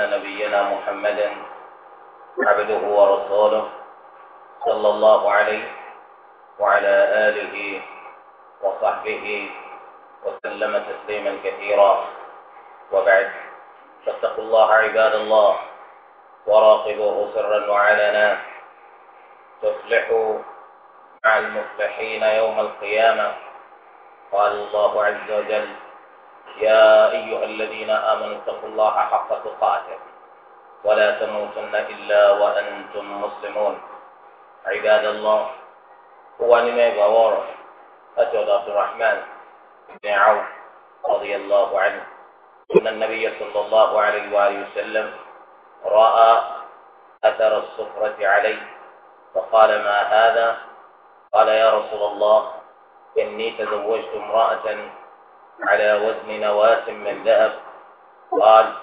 أن نبينا محمدا عبده ورسوله صلى الله عليه وعلى آله وصحبه وسلم تسليما كثيرا وبعد فاتقوا الله عباد الله وراقبوه سرا وعلنا تصلحوا مع المفلحين يوم القيامة قال الله عز وجل يا أيها الذين آمنوا اتقوا الله حق تقاته ولا تموتن إلا وأنتم مسلمون عباد الله هو نمي بوار أجد عبد الرحمن بن عوف رضي الله عنه أن النبي صلى الله عليه وآله وسلم رأى أثر الصفرة عليه فقال ما هذا قال يا رسول الله إني تزوجت امرأة على وزن نواة من ذهب قال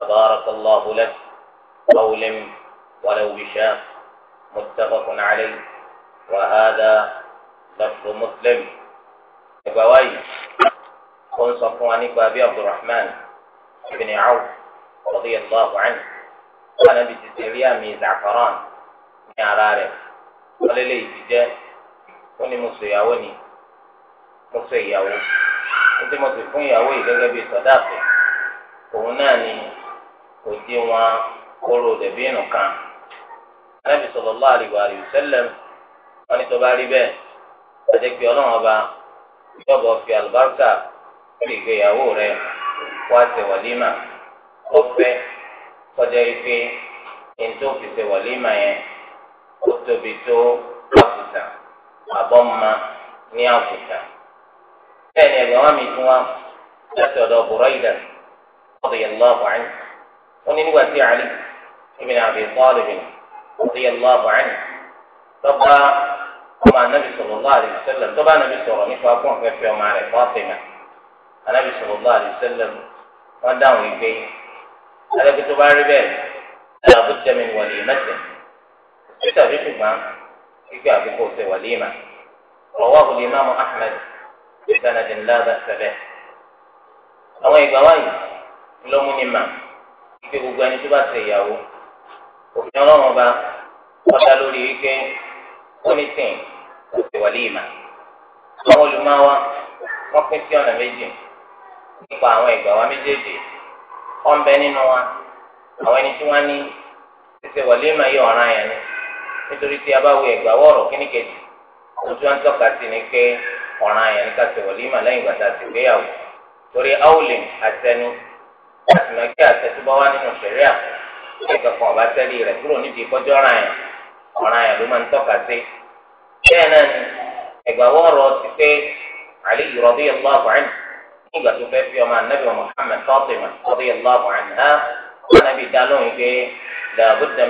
تبارك الله لك قول ولو بشام متفق عليه وهذا لفظ مسلم إبوي قل صفوان أبي عبد الرحمن بن عوف رضي الله عنه قال بتسيريا من زعفران ní ara قال لي lè jíjẹ́ ó ní mo sọ ìyàwó ni ó tí mo sì fún ìyàwó yìí gẹ́gẹ́ bíi sọ̀dáàfẹ́ òun náà ni kò dé wọn kóró dẹ̀bí nù kan anábì sallallahu alaihi wa sallam wọn ni tó bá rí bẹ́ẹ̀ àti pé ọlọ́run ọba ìjọba fi àlùbáríkà lórí ìgbéyàwó rẹ wá ṣe wàlímà ó fẹ́ kọjá ife ẹni tó fi ṣe wàlímà yẹn ó tóbi tó àkùtà àbọ̀mọ́ ní àkùtà bẹ́ẹ̀ ni ẹ̀gbọ́n wọn mi tún wá láti ọ̀dọ̀ Burayda radiyallahu anhu wọn ní nígbà tí Ali ibn Abi Talib radiyallahu anhu lọ́ba ọmọ anabi sallallahu alaihi wasallam tọ́ba anabi sọ̀rọ̀ nípa fún ọ̀fẹ́fẹ́ ọmọ rẹ̀ Fatima anabi sallallahu alaihi wasallam wọn dáhùn ìgbé alẹ́kùn tó bá rí bẹ́ẹ̀ ẹ̀rọ abúdẹ́mi wọlé mẹ́tẹ̀ títà fi ṣùgbọ́n gbígbé àkókò ṣe wọlé mà rọwọ́ àbúlé imáàmù Ahmad بسند لا بأس به àwọn ìgbà wáyé lọ́mú mà ike gbogbo ẹni tó bá ṣe ìyàwó òfin ọlọ́run ọba ọ̀dà lórí ike onítìn òfin wà léèmà àwọn olùmọ̀wá wọ́n pín sí ọ̀nà méjì nípa àwọn ìgbà wa méjèèjì wọ́n bẹ nínú wa àwọn ẹni tí ní yìí ni nítorí tí a bá wo ìgbà ọ̀ràn yẹn ní ká ṣe wọlímà lẹ́yìn ìgbà tá a ti gbéyàwó torí áwùlẹ̀ àtẹni láti mọ̀ kí àtẹ̀túbọ̀ wá nínú sẹ̀ríà kí kankan ọ̀bá tẹ́lẹ̀ rẹ̀ kúrò nídìí kọjọ́ ọ̀ràn yẹn ọ̀ràn yẹn ló máa ń tọ́ka sí. bẹ́ẹ̀ náà ni ẹ̀gbàwọ́ ọ̀rọ̀ ti pé àlẹ́ ìrọ̀bí ọlọ́ọ̀bù àná nígbà tó fẹ́ fi ọmọ anábì Muhammad Fatima ọ̀bí ọlọ́ọ̀bù àná anábì dá lóhùn pé làbúdà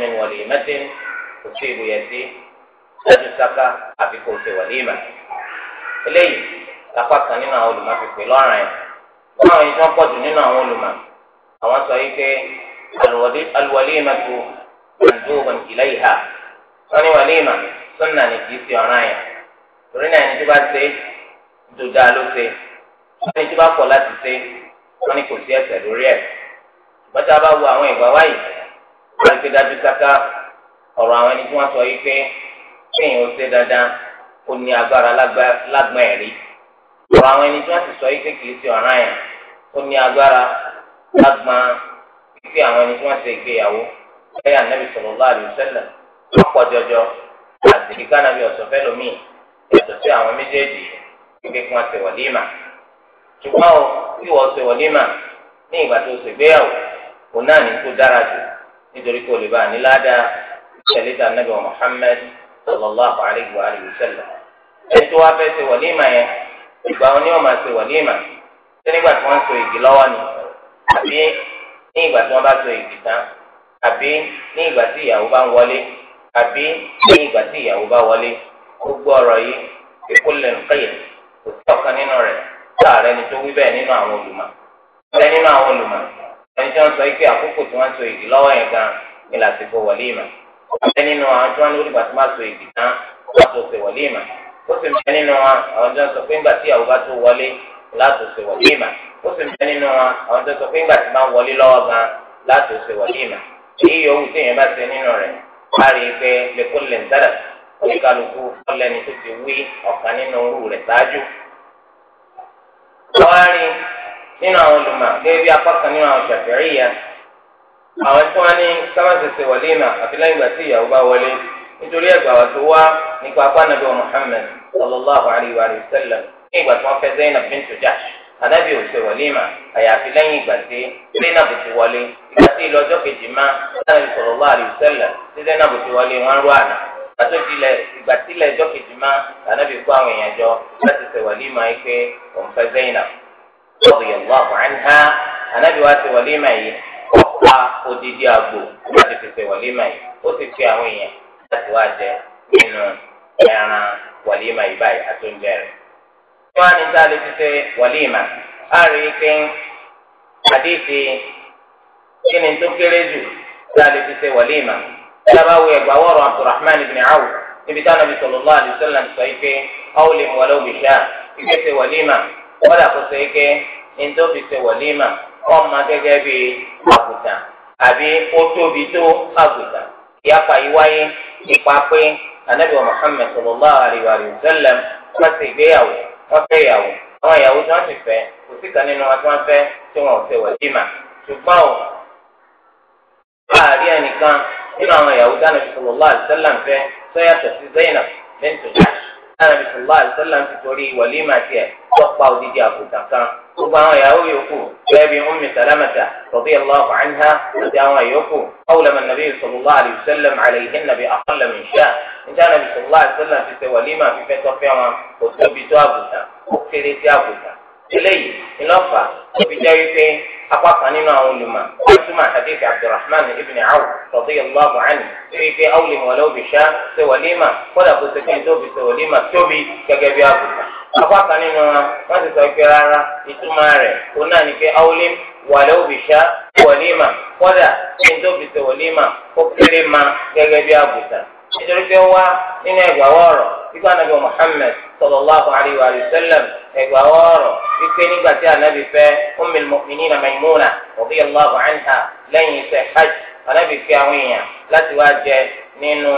eléyìí lápá kan nínú àwọn olùmọ̀ fi lọ́ràn yẹn wọn àwọn yìí pọ̀ jù nínú àwọn olùmọ̀ àwọn sọ yìí pé alwalimatu ni kì í ṣe ọ̀ràn yẹn torí náà ẹni tí bá ṣe dòdà ló ṣe ẹni tí bá kọ̀ láti ṣe wọ́n ní kò sí ẹ̀ṣẹ̀ lórí ẹ̀ bá wo àwọn ìgbà wọ́n ti dájú ó ní agbára lágbọ́n ẹ̀rí ọ̀rọ̀ àwọn ẹni tí wọ́n ti sọ yìí pé kìí ṣe ọ̀ràn yẹn ó ní agbára pípé àwọn ẹni tí wọ́n ṣe ìgbéyàwó ọ̀pọ̀ jọjọ àti kíkà nàbì ọ̀sọ̀fẹ́ lomi yàtọ̀ sí àwọn méjèèjì pípé kí wọ́n ṣe wàlímà ṣùgbọ́n o wọ́n ṣe ní ìgbà tó ṣe ìgbéyàwó sallallahu alayhi wa alihi wa sallam ẹni tó wá fẹ́ ṣe wàlímà yẹn ìgbà wọn ni wọn máa ṣe wàlímà ṣé nígbà tí wọn so igi lọ́wọ́ ni àbí ní ìgbà tí wọn bá so igi tán àbí ní ìgbà tí ìyàwó bá ń wọlé àbí ní ìgbà tí ìyàwó bá wọlé gbogbo ọ̀rọ̀ yìí kíkó lè ń kéye kò sí ọ̀kan nínú rẹ̀ láàrẹ̀ ni tó wí bẹ́ẹ̀ nínú àwọn olùmọ̀ bẹ́ẹ̀ nínú àwọn olùmọ̀ ẹni tí wọ́n sọ pé àkókò tí wọ́n so igi lọ́wọ́ yẹn gan ni làsìkò wàlímà ọ̀bẹ nínú àwọn tí wọ́n ní olùgbà tó bá so ìgbì tán wọ́n tó ṣe wọlé ìmà ó sì ń bẹ nínú wọn àwọn tí wọ́n sọ pé ńgbà tí ìyàwó bá tó wọlé látò ṣe wọlé ìmà ó sì ń bẹ nínú wọn àwọn tí wọ́n sọ pé ńgbà tí máa wọlé lọ́wọ́ gan látò ṣe wọlé ìmà èyí yòówù tí èèyàn bá ṣe nínú rẹ̀ wá pé lẹ́kọ́ lẹ́ńtàdà oníkàlùkù ọlẹ́ni tó ti wí ọ̀kan nínú orú rẹ̀ ṣáájú. wọ́n á rí nínú àwọn olùmọ̀ gẹ́gẹ́ bí apá kan nínú àwọn ṣàfẹ́rí yẹn àwọn tí wọn ní sábàṣẹṣẹ wàlímà àfi lẹ́yìn ìgbà tí ìyàwó bá wọlé nítorí ẹgbàá wa tó wá nípa apánàbí wa Muhammad sallallahu alayhi wa sallam ní ìgbà tí wọn fẹ́ Zainab bintu Jahsh anábì òṣè wàlímà àyàfi lẹ́yìn ìgbà tí Zainab ti wọlé ìgbà tí ìlọjọ kejì má sáyẹn sallallahu alayhi wa sallam tí Zainab ti wọlé wọn rú àná àti ìdílé ìgbà tílẹ̀ ẹjọ́ kejì má anábì kó àwọn èèyàn jọ láti ṣe wàlímà yìí pé òun fẹ́ Zainab radiyallahu anha anábì wa ṣe wàlímà pa odidi àgbò láti fi ṣe wàlímà yìí ó sì fi àwọn èèyàn láti wá jẹ nínú ẹran wàlímà yìí báyìí àtúnjẹ rẹ̀. kí wọ́n á ní sáà lè fi wàlímà á rí i pé àdéhìí kí ni tó kéré jù sáà lè fi ṣe wàlímà sábàáwò ẹgbàá wọ̀rọ̀ Abdurrahman ibn Awf níbi táwọn Nabi sallallahu alaihi wasallam sọ yìí pé awlim walau bisha ìgbésẹ̀ wàlímà wọ́n dà kó sọ pé ní tó fi wàlímà ọmọ gẹ́gẹ́ bi àgùntàn àbí ó tóbi tó àgùntàn ìyapa yìí wáyé nípa pé anabi wa muhammed sallallahu alayhi wa sallam wọ́n ti gbéyàwó wọ́n fẹ́ àwọn ìyàwó tí wọ́n ti fẹ́ kò sí nínú wọn tí wọ́n fẹ́ tí wọ́n ò fẹ́ wàlímà ṣùgbọ́n o láàrin ẹnìkan nínú àwọn ìyàwó tí zainab sára bí sọlá àdìsọlá ń torí wàlímà tiẹ̀ tọpa odidi àgùntàn kan gbogbo àwọn ìyàwó yòókù bẹ́ẹ̀ bí ummi salamata radiyallahu anha àti àwọn yòókù awulama nabi sọlá àdìsọlá àlẹyìn nabi akọlẹ mìíṣà níta nabi sọlá àdìsọlá ti ṣe wàlímà fífẹ́ tọfẹ wọn kò tóbi tó àgùntàn kò kéré eléyìí ìlọ́fà òfin jẹ́ wípé apá kan nínú àwọn olùmọ̀ ọ̀túnmá àdéhùn abdulrahman ibn awu radiyallahu anhu wípé awùlẹ̀ mọ̀lẹ́ òbíṣá ṣe wàlímà kódà kó sẹ́kẹ́ tó fi ṣe wàlímà tóbi gẹ́gẹ́ bí àbùkà. apá kan nínú wọn wọ́n ti sọ pé rárá ìtumọ̀ rẹ̀ kó náà ní pé awùlẹ̀ mọ̀lẹ́ òbíṣá ṣe wàlímà kódà kí tó fi ṣe wàlímà kó kéré ma gẹ́gẹ́ bí àbùkà. nítorí pé wá nínú ẹgbàá wọ̀rọ̀ sallallahu alayhi wa sallam ẹgbà wọ́ọ̀rọ̀ wípé nígbà tí anabi fẹ́ ummul mu'minina Maimuna radiyallahu anha lẹ́yìn iṣẹ́ hajj anabi fi àwọn èèyàn láti wá jẹ nínú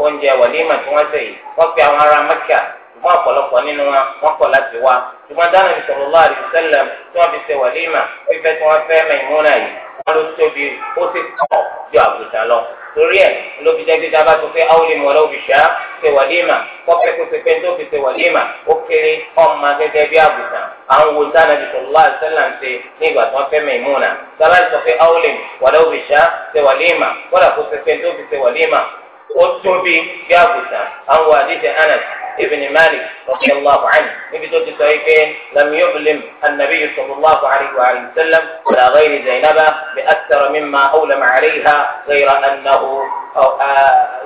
oúnjẹ wàlímà tí wọ́n sè yìí wọ́n fi àwọn ará Mẹ́kà wọn ọ̀pọ̀lọpọ̀ nínú wa wọn kọ̀ láti wá ṣùgbọ́n dáná ní sallallahu alaihi wasallam tí wọ́n fi ṣe wàlímà fífẹ́ tí wọ́n fẹ́ Maimuna yìí wọ́n ló tóbi ó sì kọ̀ ju àgùntàn lọ torí ẹ̀ ló fi jẹ́ pé dábàá tó pé áwòlè mọ̀ lọ́wọ́ bìṣá ṣe wàlímà kọ́pẹ́ kó ṣe pé tó fi ṣe wàlímà ó kéré ọmọ gẹ́gẹ́ bí àbùtàn àwọn wo sáà nàbì sọlá àṣẹlá ń ṣe nígbà tí wọ́n fẹ́ Maimuna sábà sọ pé áwòlè mọ̀ lọ́wọ́ bìṣá ṣe wàlímà kọ́dà kó ṣe tó fi ṣe wàlímà ó tún bí bí àbùtàn àwọn àdéjẹ Anas ابن مالك رضي الله عنه نبي تسعيك لم يؤلم النبي صلى الله عليه وآله وسلم على غير زينب بأكثر مما أولم عليها غير أنه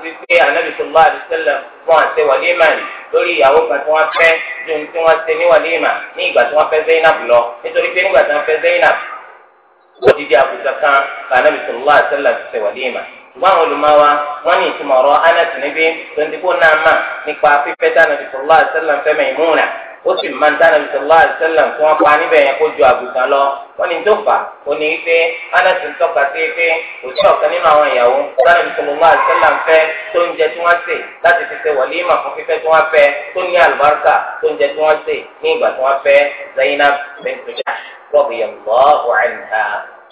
wípé anabi sọlá àdìsẹlẹ fún àṣẹ wàlíìmà yìí lórí ìyàwó kan tí wọn fẹ́ ju tí wọn ṣe ní wàlíìmà ní ìgbà tí wọn fẹ́ Zainab lọ nítorí pé nígbà tí wọn fẹ́ Zainab odidi àbùsà kan kà anabi sọlá àdìsẹlẹ ti ṣe wàlíìmà ṣùgbọ́n àwọn olùmọ̀wá wọ́n ní ìtumọ̀ ọ̀rọ̀ anas níbí tontigbó náà mà nípa fífẹ́ dáná bìtọ̀ lọ́wọ́ àṣẹlẹ̀ fẹ́ Maimuna ó sì máa ń dáná bìtọ̀ lọ́wọ́ àṣẹlẹ̀ tí wọ́n pa níbẹ̀ yẹn kó ju àgùntàn lọ wọ́n ní dófà ó ní wípé anas ń tọ́ka sí pé kò sí ọ̀kan nínú àwọn ìyàwó dáná bìtọ̀ lọ́wọ́ àṣẹlẹ̀ fẹ́ tó ń jẹ tí wọ́n sè láti fi ṣe wàlímà fún fífẹ́ tí wọ́n fẹ́ tó ní àlùbáríkà tó ń jẹ tí wọ́n sè ní ìgbà tí wọ́n fẹ́ Zainab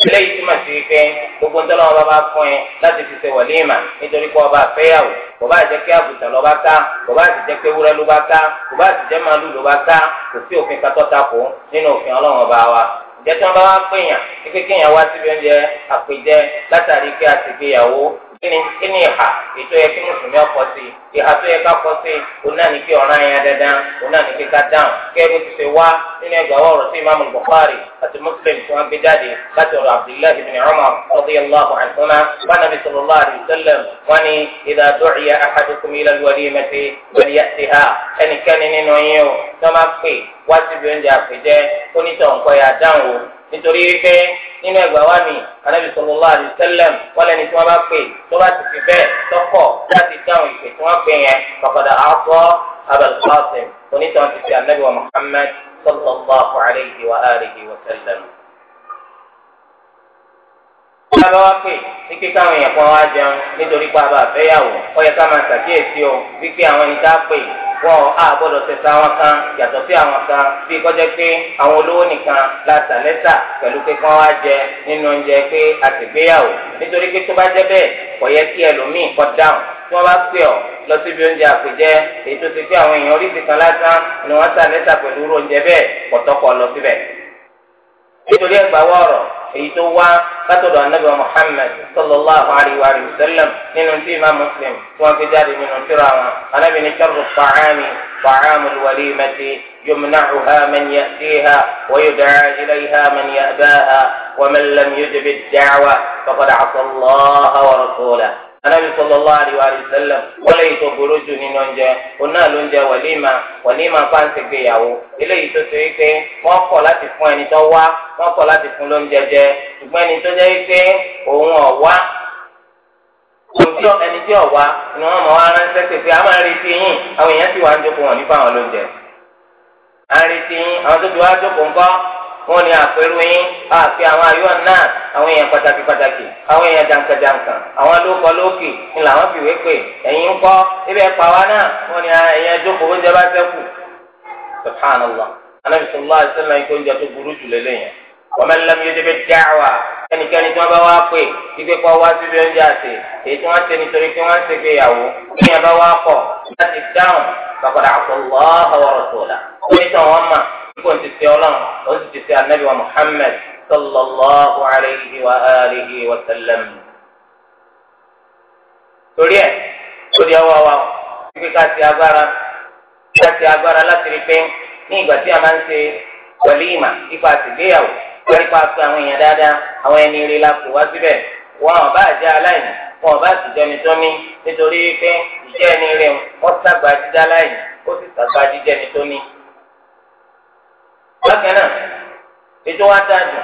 eléyìí túmọ̀ sí pé gbogbo ń tọ́lọ́wọ́ bá bá fún ẹ láti fi ṣe wàlímà nítorí pé ọba àfẹ́yàwó kò bá jẹ́ pé àbùtàn ló bá ká kò bá jẹ́ pé wúrẹ́ ló bá ká kò bá jẹ́ màálù ló bá ká kò sí òfin katọ́ takò nínú òfin ọlọ́wọ́n bá wa ìjẹ́ tí wọ́n bá wá pèèyàn pé kéèyàn wá síbi oúnjẹ àpèjẹ látàrí pé àtìgbéyàwó kíni kíni ìhà ètò yẹ kí mùsùlùmí ọkọ sí ìhà tó yẹ ká kọ sí oná ní kí ọ̀ràn yẹn dandan oná ní kí ká dáhùn kẹ́ẹ́bù ti ṣe wá nínú ẹgbàá ọ̀rọ̀ sí imáàmù Bukhari àti Muslim tí wọ́n gbé jáde láti ọ̀rọ̀ Abdullahi ibn Umar radiyallahu anhuma bánàbí sallallahu alayhi wa sallam wọn ni idha du'iya ahadukum ila al-walimati falya'tiha ẹnikẹ́ni nínú yín o tí wọ́n máa pè wá tó bá ti fi bẹ́ẹ̀ tọ́kọ̀ láti dáhùn ìpè tí wọ́n pè yẹn kọ̀kọ̀dà àkọ́ abal qasim onítàn ti fi anabi wa muhammad sallallahu alayhi wa alihi wa sallam. Bàbá wa pè ní pé káwọn èèyàn kan wá jẹun nítorí pé a bá fẹ́ yàwó ó yẹ ká máa ṣàkíyèsí o wípé àwọn ẹni tá a pè wọn a gbọ́dọ̀ tẹsẹ àwọn kan yàtọ̀ sí àwọn kan bí kọjá pé àwọn olówó nìkan la tà lẹ́tà pẹ̀lú pé kí wọn wá jẹ nínú oúnjẹ pé a ti gbéyàwó nítorí pé tó bá jẹ bẹ́ẹ̀ kò yẹ kí ẹlòmíì kọ dáhùn tí wọn bá pè ọ́ lọ síbi oúnjẹ àpèjẹ èyí tó ti pé àwọn èèyàn orí ti kan lásán ni wọn tà lẹ́tà pẹ̀lú oúnjẹ bẹ́ẹ̀ kọtọkọ lọ síbẹ̀ nítorí ẹgbàá wọrọ ايتو وا النبي محمد صلى الله عليه واله وسلم من فيما مسلم وفي في دار من الكرامة انا من شر الطعام طعام الوليمة يمنعها من يأتيها ويدعى إليها من يأباها ومن لم يجب الدعوة فقد عصى الله ورسوله anabi sallallahu alaihi wa sallam wọlé yìí tó jụ jù nínú oúnjẹ òun náà ló ń jẹ wàlímà wàlímà pàǹtí gbéyàwó eléyìí tó ṣe wípé wọn kọ̀ láti fún ẹni wá wọn kọ̀ láti fún lóúnjẹ jẹ ẹni tí ni wọn pé a àwọn wọn ni a yín àfi àwọn ayọ̀ náà àwọn èèyàn pàtàkì pàtàkì àwọn èèyàn jàǹkàjàǹkà àwọn lóko lókè ni làwọn fi wé pé ẹ̀yin ń kọ́ ibẹ̀ pa wá náà wọn ni ẹ̀yin ẹjọ́kọ̀ oúnjẹ bá subhanallah wa oúnjẹ tó burú jù lélẹ́yìn wa man lam yujib ad-da'wa ẹnikẹ́ni tí wọ́n bá wá pè ipe kọ́ wá síbi oúnjẹ àti èyí tí wọ́n ṣe nítorí pé ṣe gbéyàwó bá wá láti dáhùn kó ti fi ọlọ́run ó sì ti fi anabi wa muhammed sallallahu alayhi wa alihi wa sallam. torí ẹ̀ torí ọwọ́ wa wípé ká ti agbára ká ti agbára láti rí pé ní ìgbà tí a máa ń ṣe wẹ̀líìmà ipa àtìgbéyàwó nípa pé àwọn èèyàn dáadáa àwọn ẹni rí la wá síbẹ̀ wọn ò bá jẹ́ aláìní wọn ò bá sì jẹni tómi nítorí pé ìjẹ́ ẹni rí wọn sàgbà jíjá aláìní ó sì sàgbà jíjẹni tómi bákan náà ètò wa dájú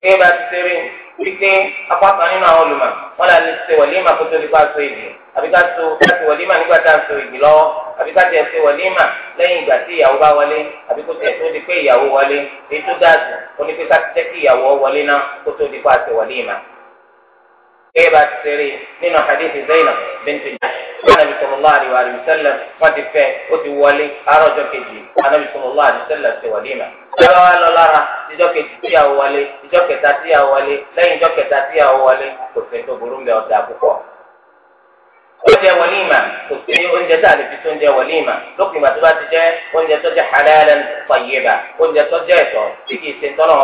kí ẹ bá ti ṣeré wípé apáta nínú àwọn olùmọ̀ wọn là lè ṣe wàlímà kó tó di pa so ìgbì àbí ká so ká ṣe wàlímà nígbà tá a so ìgbì lọ́wọ́ àbí ká tẹ̀ ṣe wàlímà lẹ́yìn ìgbà tí ìyàwó bá wọlé àbí kó tẹ̀ tó di pé ìyàwó wọlé ètò dájú ó ní pé ká ti jẹ́ kí ìyàwó wọlé náà kó tó di ṣe wàlímà. كيف تسيري من حديث زينب بنت جحش النبي صلى الله عليه وآله وسلم ما تفه وتولي أرجو كجي النبي صلى الله عليه وسلم توليمه ìjọba wa lọ lára ìjọ kejì tíyàwó wọlé ìjọ kẹta tíyàwó wọlé lẹ́yìn ìjọ kẹta tíyàwó wọlé kò sí tó burú mbẹ ọdà púpọ̀. oúnjẹ wọlíìmà kò sí oúnjẹ tá a lè fi tó oúnjẹ lópin tí kì í ṣe tọ́lọ́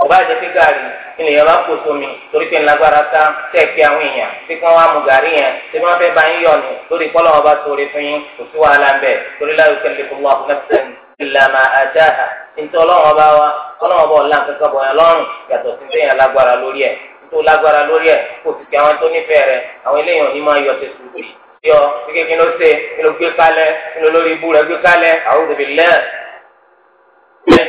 ọba jẹ pé gaari bá kó sómi torí pé ká àwọn èèyàn tí wọ́n wá mu gàrí ìlànà àjà nítorí ọlọ́run ọba wa ọlọ́run ọba ọ̀la kankan bọ̀yàn lọ́rùn yàtọ̀ sí téèyàn lágbára lórí ẹ̀ nítorí lágbára lórí ẹ̀ kò sì kí àwọn tó nífẹ̀ẹ́ rẹ̀ àwọn eléyàn ní máa yọ ti sùúrù yìí yọ kíkẹ́ kí ló ṣe kí ló gbé kalẹ̀ kí ló lórí ibú rẹ̀ gbé kalẹ̀ àwọn òbí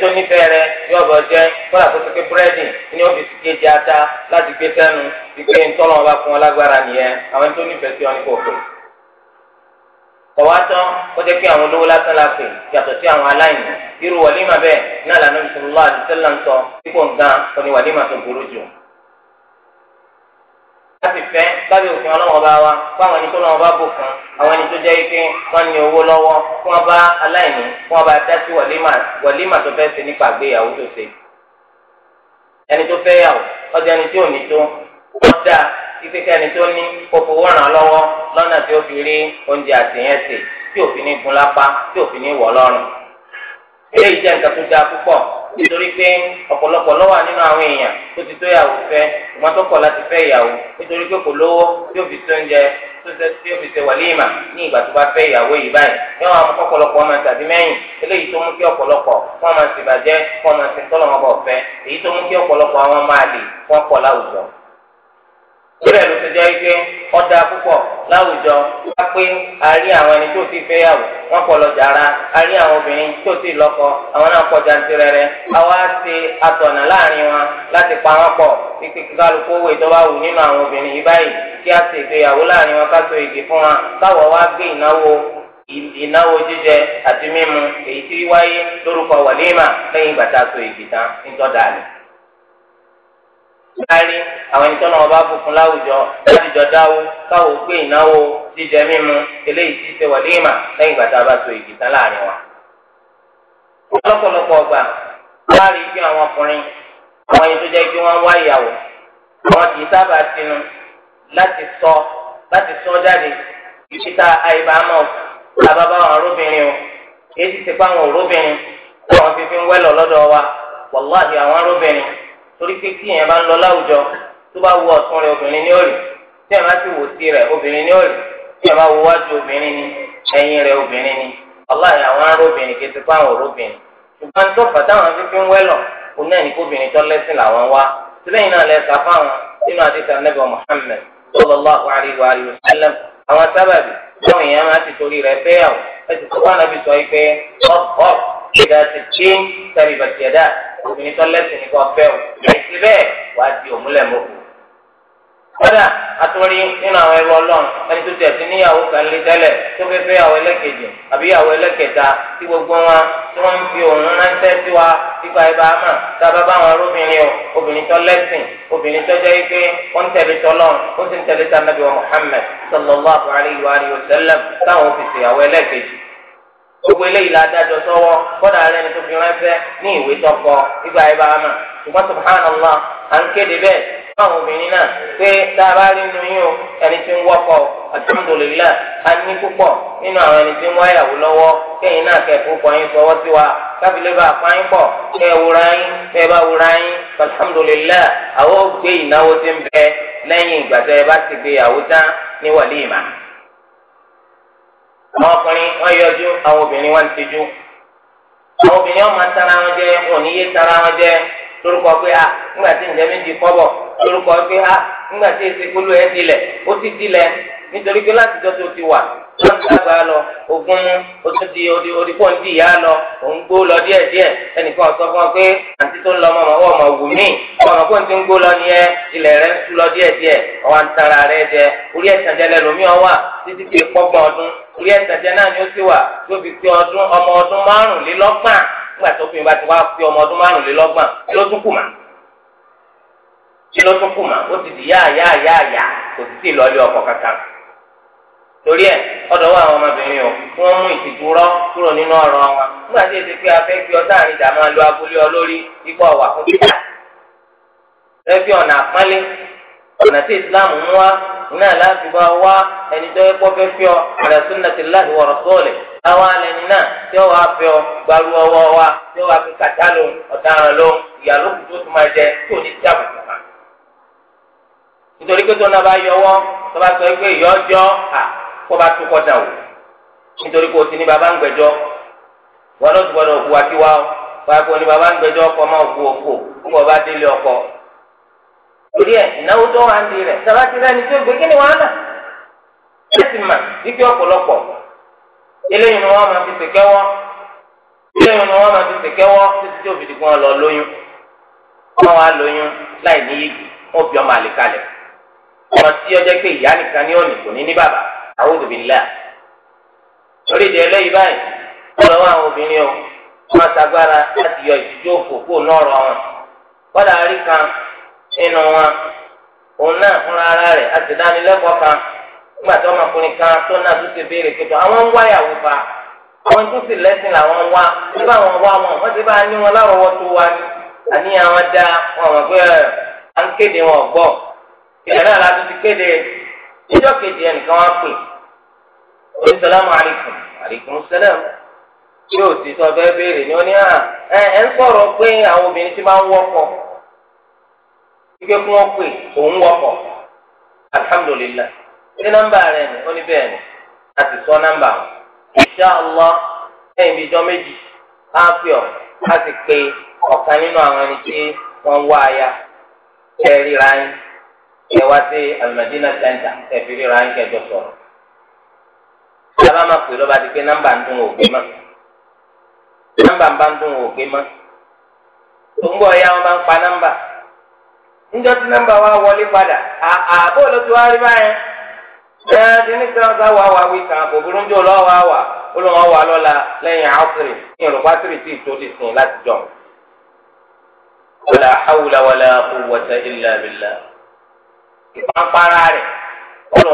tó nífẹ̀ẹ́ rẹ̀ bọ̀ jẹ́ kọ́lá tó ti pé búrẹ́dì ní ata láti gbé sẹ́nu ti pé tọwátán ó jẹ́ kí àwọn olówó lásán la pè yàtọ̀ sí àwọn aláìní irú wàlímà bẹ́ẹ̀ náà lànà bisimilá àdìsẹ́lá ń sọ kíkó nǹkan kò ní wàlímà tó burú jù. láti fẹ́ lábẹ́ òfin ọlọ́wọ́ bá wa fún àwọn ẹni tó lọ́wọ́ bá bò fún àwọn ẹni tó jẹ́ ike wọ́n ní owó lọ́wọ́ fún wọn bá aláìní fún wọn bá sí wàlímà wàlímà tó fẹ́ ṣe nípa àgbéyàwó tó ṣe. ẹni tó fẹ́ yàwó ọjà ẹni lọ́nà tí ó fi rí oúnjẹ àtìyẹn sè tí òfin ní gun lápá tí òfin ní wọ̀ lọ́rùn. eléyìí jẹ́ nǹkan tó dáa púpọ̀ nítorí pé ọ̀pọ̀lọpọ̀ ló wà nínú àwọn èèyàn tó ti tó ìyàwó fẹ́ ìgbọ́n tó kọ̀ láti fẹ́ ìyàwó nítorí pé kò lówó tí ó fi tó oúnjẹ tí ó fi ṣe wàlíìmà ní ìgbà tó bá fẹ́ ìyàwó yìí báyìí yóò wá mú ọmọ tàbí mẹ́yìn eléyìí tó mú kí ọ̀pọ̀lọpọ̀ wọ́n máa ṣèbàjẹ́ wọ́n máa ṣe tọ́lọ́mọbọ̀ fẹ́ èyí tó mú kí ọ̀pọ̀lọpọ̀ àwọn máa lè wọ́n pọ̀ láwùjọ torí ẹ̀ ló jẹ́ ike ọ̀dà púpọ̀ láwùjọ wá pé a rí àwọn ẹni tó ti fẹ́yàwó wọ́n pọ̀ lọ jàrá a rí àwọn obìnrin tó ti lọ́kọ àwọn náà pọ̀ jantirẹrẹ a wá ṣe àtọ̀nà láàrin wọn láti pa wọn pọ̀ pípé kálukú owó ìjọba wù nínú àwọn obìnrin yìí báyìí kí a láàrin wọn so igi fún wọn káwọ̀ wá gbé ìnáwó ìnáwó jíjẹ àti mímu èyí ti wáyé lórúkọ wàlímà lẹ́yìn ìgbà tá a kárí àwọn ẹni tó náà wọn bá bùkún láwùjọ láti jọ dáwó káwọ gbé ìnáwó jíjẹ mímu eléyìí ti ṣe wàlíìmà lẹ́yìn ìgbà tá a bá so tán wa. lọ́pọ̀lọpọ̀ ọgbà láàrin ibi àwọn ọkùnrin àwọn ẹni tó jẹ́ pé wọ́n wá ìyàwó àwọn kì í sábà láti sọ láti sọ jáde àbábá àwọn o èyí ti ti pa àwọn òróbìnrin tí wọ́n fi fi ń wẹ́lọ̀ lọ́dọ̀ torí pé tí èèyàn bá ń lọ láwùjọ tó bá wo ọ̀tún rẹ̀ obìnrin ní òòlì tí èèyàn bá sì wò sí rẹ̀ obìnrin ní òòlì tí èèyàn bá wo wájú obìnrin ní ẹ̀yìn rẹ̀ obìnrin ní ọláyà àwọn ará obìnrin kì í ti pa àwọn òróbìnrin ṣùgbọ́n tó fà táwọn fífi ń wẹ́lọ̀ kò náà ní kóbìnrin tó lẹ́sìn làwọn wá sílẹ̀yìn náà lẹ́sà fáwọn nínú àdìsá nẹ́bà Muhammad sallallahu alayhi wa sallam àwọn sábàbí táwọn èèyàn máa ti torí rẹ̀ fẹ́yàwó ẹ ti sọ fún obìnrin tó lẹ́sìn nìkan fẹ́ o àìsí bẹ́ẹ̀ wàá di òmùlẹ̀ mọ́kù. kódà atúrí nínú àwọn ẹrú ọlọ́run ẹni tó tẹ̀sí níyàwó kan lé tẹ́lẹ̀ tó fẹ́ fẹ́ yàwó ẹlẹ́kejì àbí yàwó ẹlẹ́kẹta tí gbogbo wọn tí wọ́n ń fi òun ránṣẹ́ sí wa nípa ibà àmà tábà bá àwọn arúbìnrin o obìnrin tó lẹ́sìn obìnrin tó jẹ́ pé ó ń tẹ̀lé tọ́lọ́ ó sì ń tẹ̀lé tànàbí wa Muhammad sallallahu alayhi wa sallam táwọn òfìsì yàwó ẹlẹ́kejì gbogbo eléyìí la dájọ sọwọ kódà rẹ ní tóbi ránṣẹ́ ní ìwé tọkọ ìgbà ẹ bá a mà ṣùgbọ́n subhanallah à ń kéde bẹ́ẹ̀ fáwọn obìnrin náà pé tá a bá rí inú yín o ẹni tí ń wọ́kọ̀ alhamdulillah a ní púpọ̀ nínú àwọn ẹni tí ń wáyàwó lọ́wọ́ kẹ́yìn náà kẹ́kọ̀ọ́ kọ́ yín sọwọ́ sí wa kábílẹ̀ bá a pa yín pọ̀ kẹ́ ẹ wúra yín kẹ́ ẹ bá wúra yín alhamdulillah àwọn ò ìnáwó ti ń bẹ lẹ́yìn ìgbà tẹ́ ẹ bá ti gbéyàwó tán ní wàlíìmà. àwọn ọkùnrin wọn yọjú àwọn obìnrin wọn ti jú àwọn obìnrin wọn máa tara wọn jẹ wọn tara wọn jẹ lórúkọ pé a ah, ńgbà tí ǹjẹ́ méjì kọ́bọ̀ lórúkọ pé a ah, ńgbà tí èsì kúlù ẹ̀ dilẹ̀ ó ti dilẹ̀ nítorí pé wọ́n ti dábàá lọ ogun otu tún di odi odi pọ̀ ń di ìyá lọ òun gbó lọ díẹ̀ díẹ̀ ẹnìkan sọ fún ọ pé àǹtí tó ń lọ ọmọ ọmọ wù mí ọmọ kó n ti ń gbó lọ nìyẹn ilẹ̀ ń lọ díẹ̀ díẹ̀ ọwọ́ rẹ jẹ orí ọwà títí fi pọ́gbọ́n ọdún orí náà ni ọmọ ọdún nígbà tó ọmọ ọdún kí ló torí ẹ ọ̀dọ̀ wa àwọn ọmọbìnrin o wọn mú ìtìkúrọ kúrò nínú ọ̀rọ̀ wọn nígbà tí èsì pé afẹ́ fi ọtá àrìn abúlé ọwà fún ọ̀nà àpọ́nlé ọ̀nà tí mú wa náà láti wá ẹni tó fi ọ àrẹ sunnati láti wọ̀rọ̀ sọ́ọ̀lẹ̀ táwa lẹni náà tí ó wàá ọ gbaru ọwọ́ wa tí ó wàá fi kàtá lò ọ̀daràn kọ́ bá tún o nítorí kò sí ní baba ń gbẹ́jọ́ wọn òkú wa wa ọ wáyé baba ń ọkọ ọkọ. torí ẹ ìnáwó tó wà ń di rẹ sábà ti rẹ gbé wàhálà ẹ sì mà wípé ọ̀pọ̀lọpọ̀ eléyìí ni wọ́n máa fi eléyìí fi títí tí kan lọ lóyún wọ́n wá lóyún láì níyì wọ́n fi ọmọ àlè kalẹ̀ ọmọ tí ọjọ́ pé ìyá nìkan ní ní a'udhu billah torí ìdí ẹlẹ́yìí báyìí ọlọ́wọ́ àwọn obìnrin o wọ́n sagbára láti yọ ìtújú òfófó náà wọn kọ́dà rí kan nínú wọn òun ara rẹ̀ àti kan nígbà tí kan tó náà tó ti béèrè pé àwọn ń wáyàwó fa àwọn tó sì lẹ́sìn làwọn wá nígbà wọn wá wọn wọ́n ti bá ní wọn wa ni àníyàn wọn dá wọn à ń kéde wọn gbọ́ pé salamu alaykum alaykum salam tí o ti sọ bẹ́ẹ̀ béèrè ni ó ní à ẹ ẹ ń sọ̀rọ̀ pé àwọn obìnrin ti máa ń wọ́kọ̀ òun alhamdulilah ní rẹ̀ ni ó ní bẹ́ẹ̀ ni a ti sọ bíi méjì á pe ọ̀kan nínú àwọn ẹni tí wọ́n wá aya yín sábà máa pè lọ́ba di pé nọ́mbà ń dún òkè mọ́ nọ́mbà ń bá ń dún òkè mọ́ tó ń bọ̀ ya wọn bá ń pa nọ́mbà níjọ́ tí nọ́mbà wa wọlé padà àbó ló ti wá rí báyẹn ẹ ti ní kí wọn sá wà wá wí kan kò burú jù lọ́wọ́ wá wà ó lọ́ wọ́n wà lọ́la lẹ́yìn àásìrì ní ìrùpá tìrì tí ì ti sìn láti jọ. wala hawla wala quwwata illa billah ìpàǹpara rẹ̀ ó lọ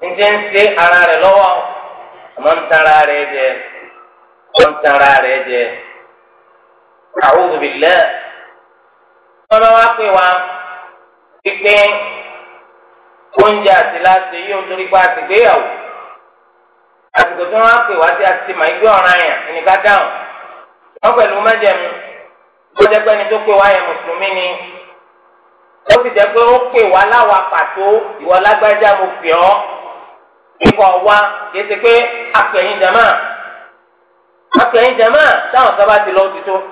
njẹ́ ń ṣe ara rẹ̀ lọ́wọ́ àmọ́ ń tara rẹ̀ jẹ ń tara rẹ̀ jẹ a'udhu billah tọ́lá wá pè wá pípé oúnjẹ àti láti yíyó nítorí pé a ti gbéyàwó àsìkò tí wọ́n á pè wá sí àti màá gbé ọ̀ràn yẹn ìníká dáhùn wọ́n pẹ̀lú májẹ̀mú wọ́n jẹ́ tó pè wá yẹn mùsùlùmí ni ó sì jẹ́ pé ó pè wá láwa pàtó ìwọ lágbájá mo fi ọ́. ikọ̀ wa kése pé akẹ́yìn jama akẹ́yìn jama táwọn sábà ti lọ tuntun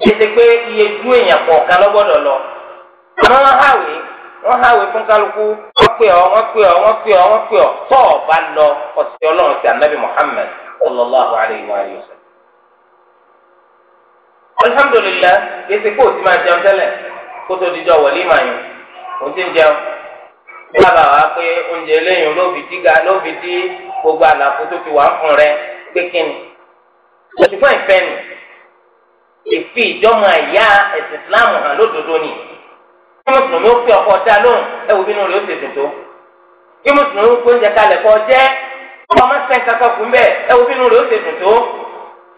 kése pé iye ju èèyàn kọ̀ọ̀kan lọ́gbọ́dọ̀ lọ àmọ́ wọ́n hàwé wọ́n hàwé fún kálukú wọ́n lọ ọ̀sẹ̀ ọlọ́run anabi muhammed sallallahu alayhi wa sallam. alhamdulilayi kése pé máa jẹun tẹ́lẹ̀ kótó wọlé màá dábàá wá pé oúnjẹ eléyìí ló fi díga ló fi dí gbogbo àlàfo tó fi wà fún rẹ pé kíni ṣùgbọ́n ìfẹ́ ni ìfi ìjọmọ àyà ẹ̀sìn Islam hàn lódodo ni kí mùsùlùmí ó fi ọkọ dá lóhùn ẹ wò bínú rẹ ó tètè tó kí mùsùlùmí ó gbóúnjẹ kalẹ̀ kọ jẹ́ ọmọ mẹ́sàn-án kankan fún bẹ́ẹ̀ ẹ wò bínú rẹ ó tètè tó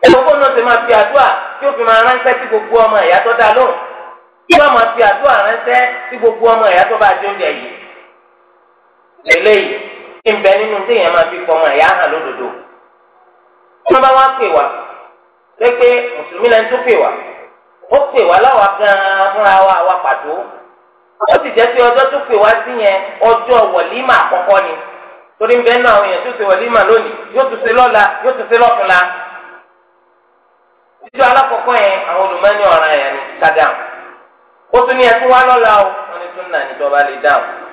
ẹ kó náà ti máa fi àdúrà tí ó fi máa ránṣẹ́ sí gbogbo ọmọ ìyá tó dá lóhùn tí máa fi àdúrà ránṣẹ́ sí gbogbo ọmọ ìyá tó bá jẹ oúnjẹ yìí. lelee ń bẹ nínú téèyàn máa fi pọ̀ ọmọ ẹ̀yà hàn lódodo wọ́n bá wá pè wá pé mùsùlùmí náà tún pè wá ó pè wá láwa gan-an fúnra wa wa pàtó ó sì jẹ́ ni torí ń bẹ nínú àwọn èèyàn tó ṣe wọ̀límà lónìí yóò tún ṣe lọ́la yóò tún ṣe alákọ̀ọ́kọ́ yẹn àwọn olùmọ́ni ọ̀ràn yẹn ni ó tún ní ẹ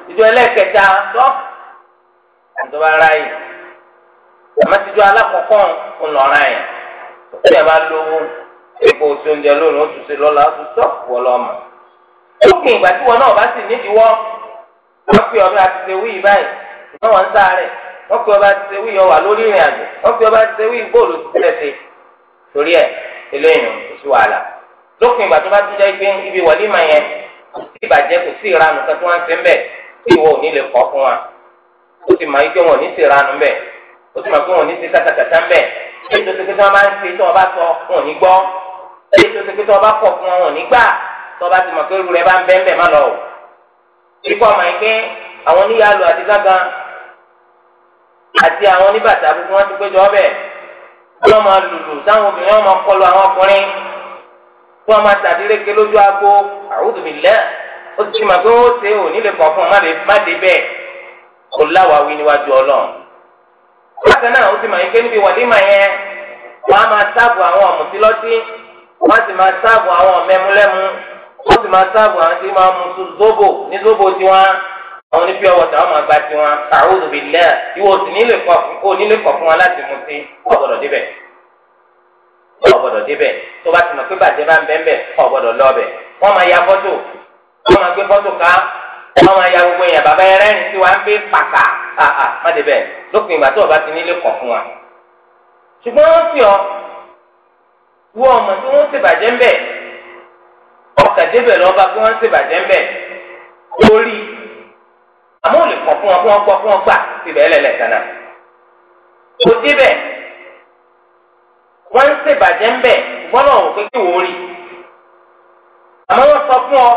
ìjọ ẹlẹ́kẹta tọ́ ìjọba ara yìí àmọ́tíjọ alákọ̀ọ́kọ́ ńlọrọ̀ yẹn tí ẹ bá lówó epo oṣù oúnjẹ lónìí oṣù sí lọ́la oṣù tọ́ wọ́ lọ́mọ. lókè ìgbà tí wọn náà bá sì nídìíwọ́ wọ́n fi ọ̀rẹ́ àti ṣe wíì báyìí wọ́n wọ́n ń sáré wọ́n fi ọba ti ṣe wíì ọwà lórí ìrìn àjò wọ́n fi ọba ti ṣe wíì bóòlù sílẹ̀ sí torí ẹ̀ eléyìí kò sí wàhálà lókè ìgbà tó bá ti jẹ́ pé ibi wọ̀límà yẹn kò sí ìbàjẹ́ kò sí ìranù kan tí wọ́n ń bẹ̀ tí ìwọ ò lè kọ́ fún wa ó ti máa ike wọn ní ti ranú bẹ́ẹ̀ ó ti máa pé wọn ní ti kàtàkàtà bẹ́ẹ̀ èyí tó ti pé tí wọ́n bá ń ṣe tí wọ́n bá sọ wọn ò ní gbọ́ tó ti pé tí wọ́n bá pọ̀ fún wọn ò gbà tí wọ́n bá ti mọ̀ pé irú rẹ̀ bá ń bẹ́ẹ̀ bẹ́ẹ̀ má lọ o. ikú ọmọ yìí pé àwọn oníyàlú àti gángan àti àwọn oníbàtà gbogbo wọn ti péjọ ọbẹ̀ wọ́n máa lùlù sáwọn obìnrin wọn máa kọlu àwọn ọkùnrin wọ́n máa tàdíréke lójú ó ti mà pé ó ṣe ò nílé kọ̀ fún má dé bẹ́ẹ̀ kò láwàáwí níwájú ọlọ́run. bákan náà ó ti mà yín pé níbi wàlímà yẹn wọ́n á máa sáàbù àwọn ọ̀mùtí lọ́tí wọ́n á sì máa sáàbù àwọn ọ̀mẹ́múlẹ́mú wọ́n sì máa sáàbù àwọn tí máa mú tu zobo ní zobo tiwọn àwọn onífi ọwọ́ tàwọn máa gba tiwọn a'udhu billah ìwọ sì nílé kọ̀ fún wa láti mú sí ọ̀gbọ̀dọ̀ débẹ̀ ọ̀gbọ̀dọ̀ débẹ̀ tó bá ti mọ̀ pé bàjẹ́ bá ń bẹ́ẹ̀ bẹ́ẹ̀ ọ̀gbọ̀dọ̀ lọ́ọ̀bẹ̀ wọ́n máa ya fọ́tò wọ́n máa gbé fọ́tò ká wọ́n máa ya gbogbo èèyàn bàbá yẹn rẹ́rìn sí wa ń gbé pàkà àà má débẹ̀ lópin ìgbà tó o bá ti nílé kọ̀ fún wa. ṣùgbọ́n wọ́n fi ọ wọ ọmọ tí wọ́n ṣèbàjẹ́ ń bẹ̀ ọkà débẹ̀ lọ́ba tí wọ́n ṣèbàjẹ́ ń bẹ̀ lórí àmọ́ ò lè fún wọn fún wọn gbọ́ fún wọn gbà síbẹ̀ lẹ́lẹ̀ kan wọ́n ń ṣèbàjẹ́ ń bẹ̀ gbọ́dọ̀ wò pé kí wò ó rí àmọ́ wọ́n sọ fún ọ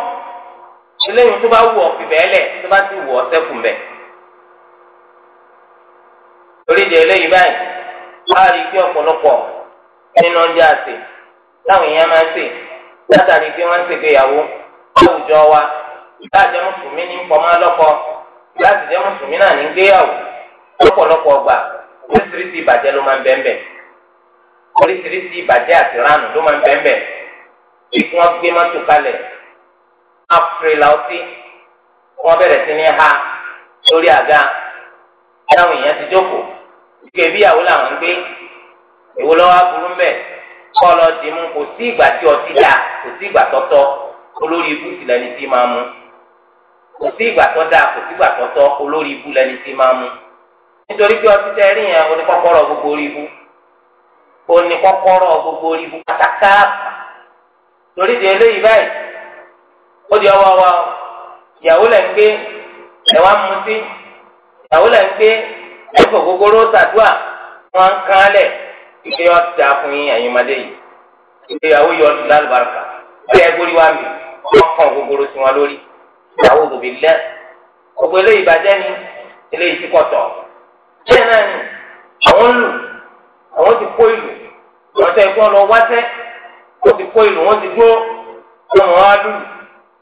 eléyìí tó bá wù ọ fi bẹ́ẹ̀ lẹ̀ tó bá ti wù ọ sẹ́kùn bẹ́ẹ̀. torí ìdí eléyìí báyìí wàá rí bí ọ̀pọ̀lọpọ̀ nínú ọjà àti táwọn èèyàn máa ń sè látàrí pé wọ́n ń ṣègbéyàwó láwùjọ wa láàjọ mùsùlùmí ní pọ̀ máa lọ́kọ láti jẹ́ mùsùlùmí náà ní gbéyàwó lọ́pọ̀lọpọ̀ ọgbà oríṣiríṣi ìbàjẹ́ ló máa ń bẹ́ẹ̀ oríṣiríṣi ìbàjẹ́ àti ránù ló máa ń bẹ́ẹ̀ bẹ́ẹ̀ afirila ọtí wọ́n bẹ̀rẹ̀ sí ní ha lórí àga táwọn èèyàn ti jókòó ike bíyàwó làwọn ń gbé èwo lọ́wọ́ aburú ń bẹ̀ kọ́ lọ dì mú kò sí ìgbà tí ọtí dà kò sí ìgbà tọ́tọ́ olórí ibú sì lẹni tí máa mú kò sí ìgbà tọ́ dà kò sí ìgbà tọ́tọ́ olórí ibú lẹni tí máa mú nítorí pé ọtí tẹ rí yẹn oníkọ́kọ́rọ́ gbogbo orí ibú oníkọ́kọ́rọ́ gbogbo orí ibú pátákà torí di eléyìí báyìí ó di ọwọ́ wa ìyàwó lẹ̀ ń gbé ẹ̀ wá mu sí ìyàwó lẹ̀ ń gbé ẹ̀fọ́ gbogbooro ṣàdúà wọn ń kán lẹ̀ ìgbé yọ da fún yín ẹ̀yin ọmọdé yìí ìgbé ìyàwó yọ ọdún lálùbáríkà ó yẹ wa mi wọn kàn gbogbooro sí wọn lórí ìyàwó òbí lẹ gbogbo eléyìí bàjẹ́ ni eléyìí ti kọ̀tọ̀ bẹ́ẹ̀ náà ni àwọn ń lù àwọn ti kó ìlú wọn ẹ̀gbọ́n lọ wáṣẹ wọn ti kó ìlú wọn ti dúró wọn wọn á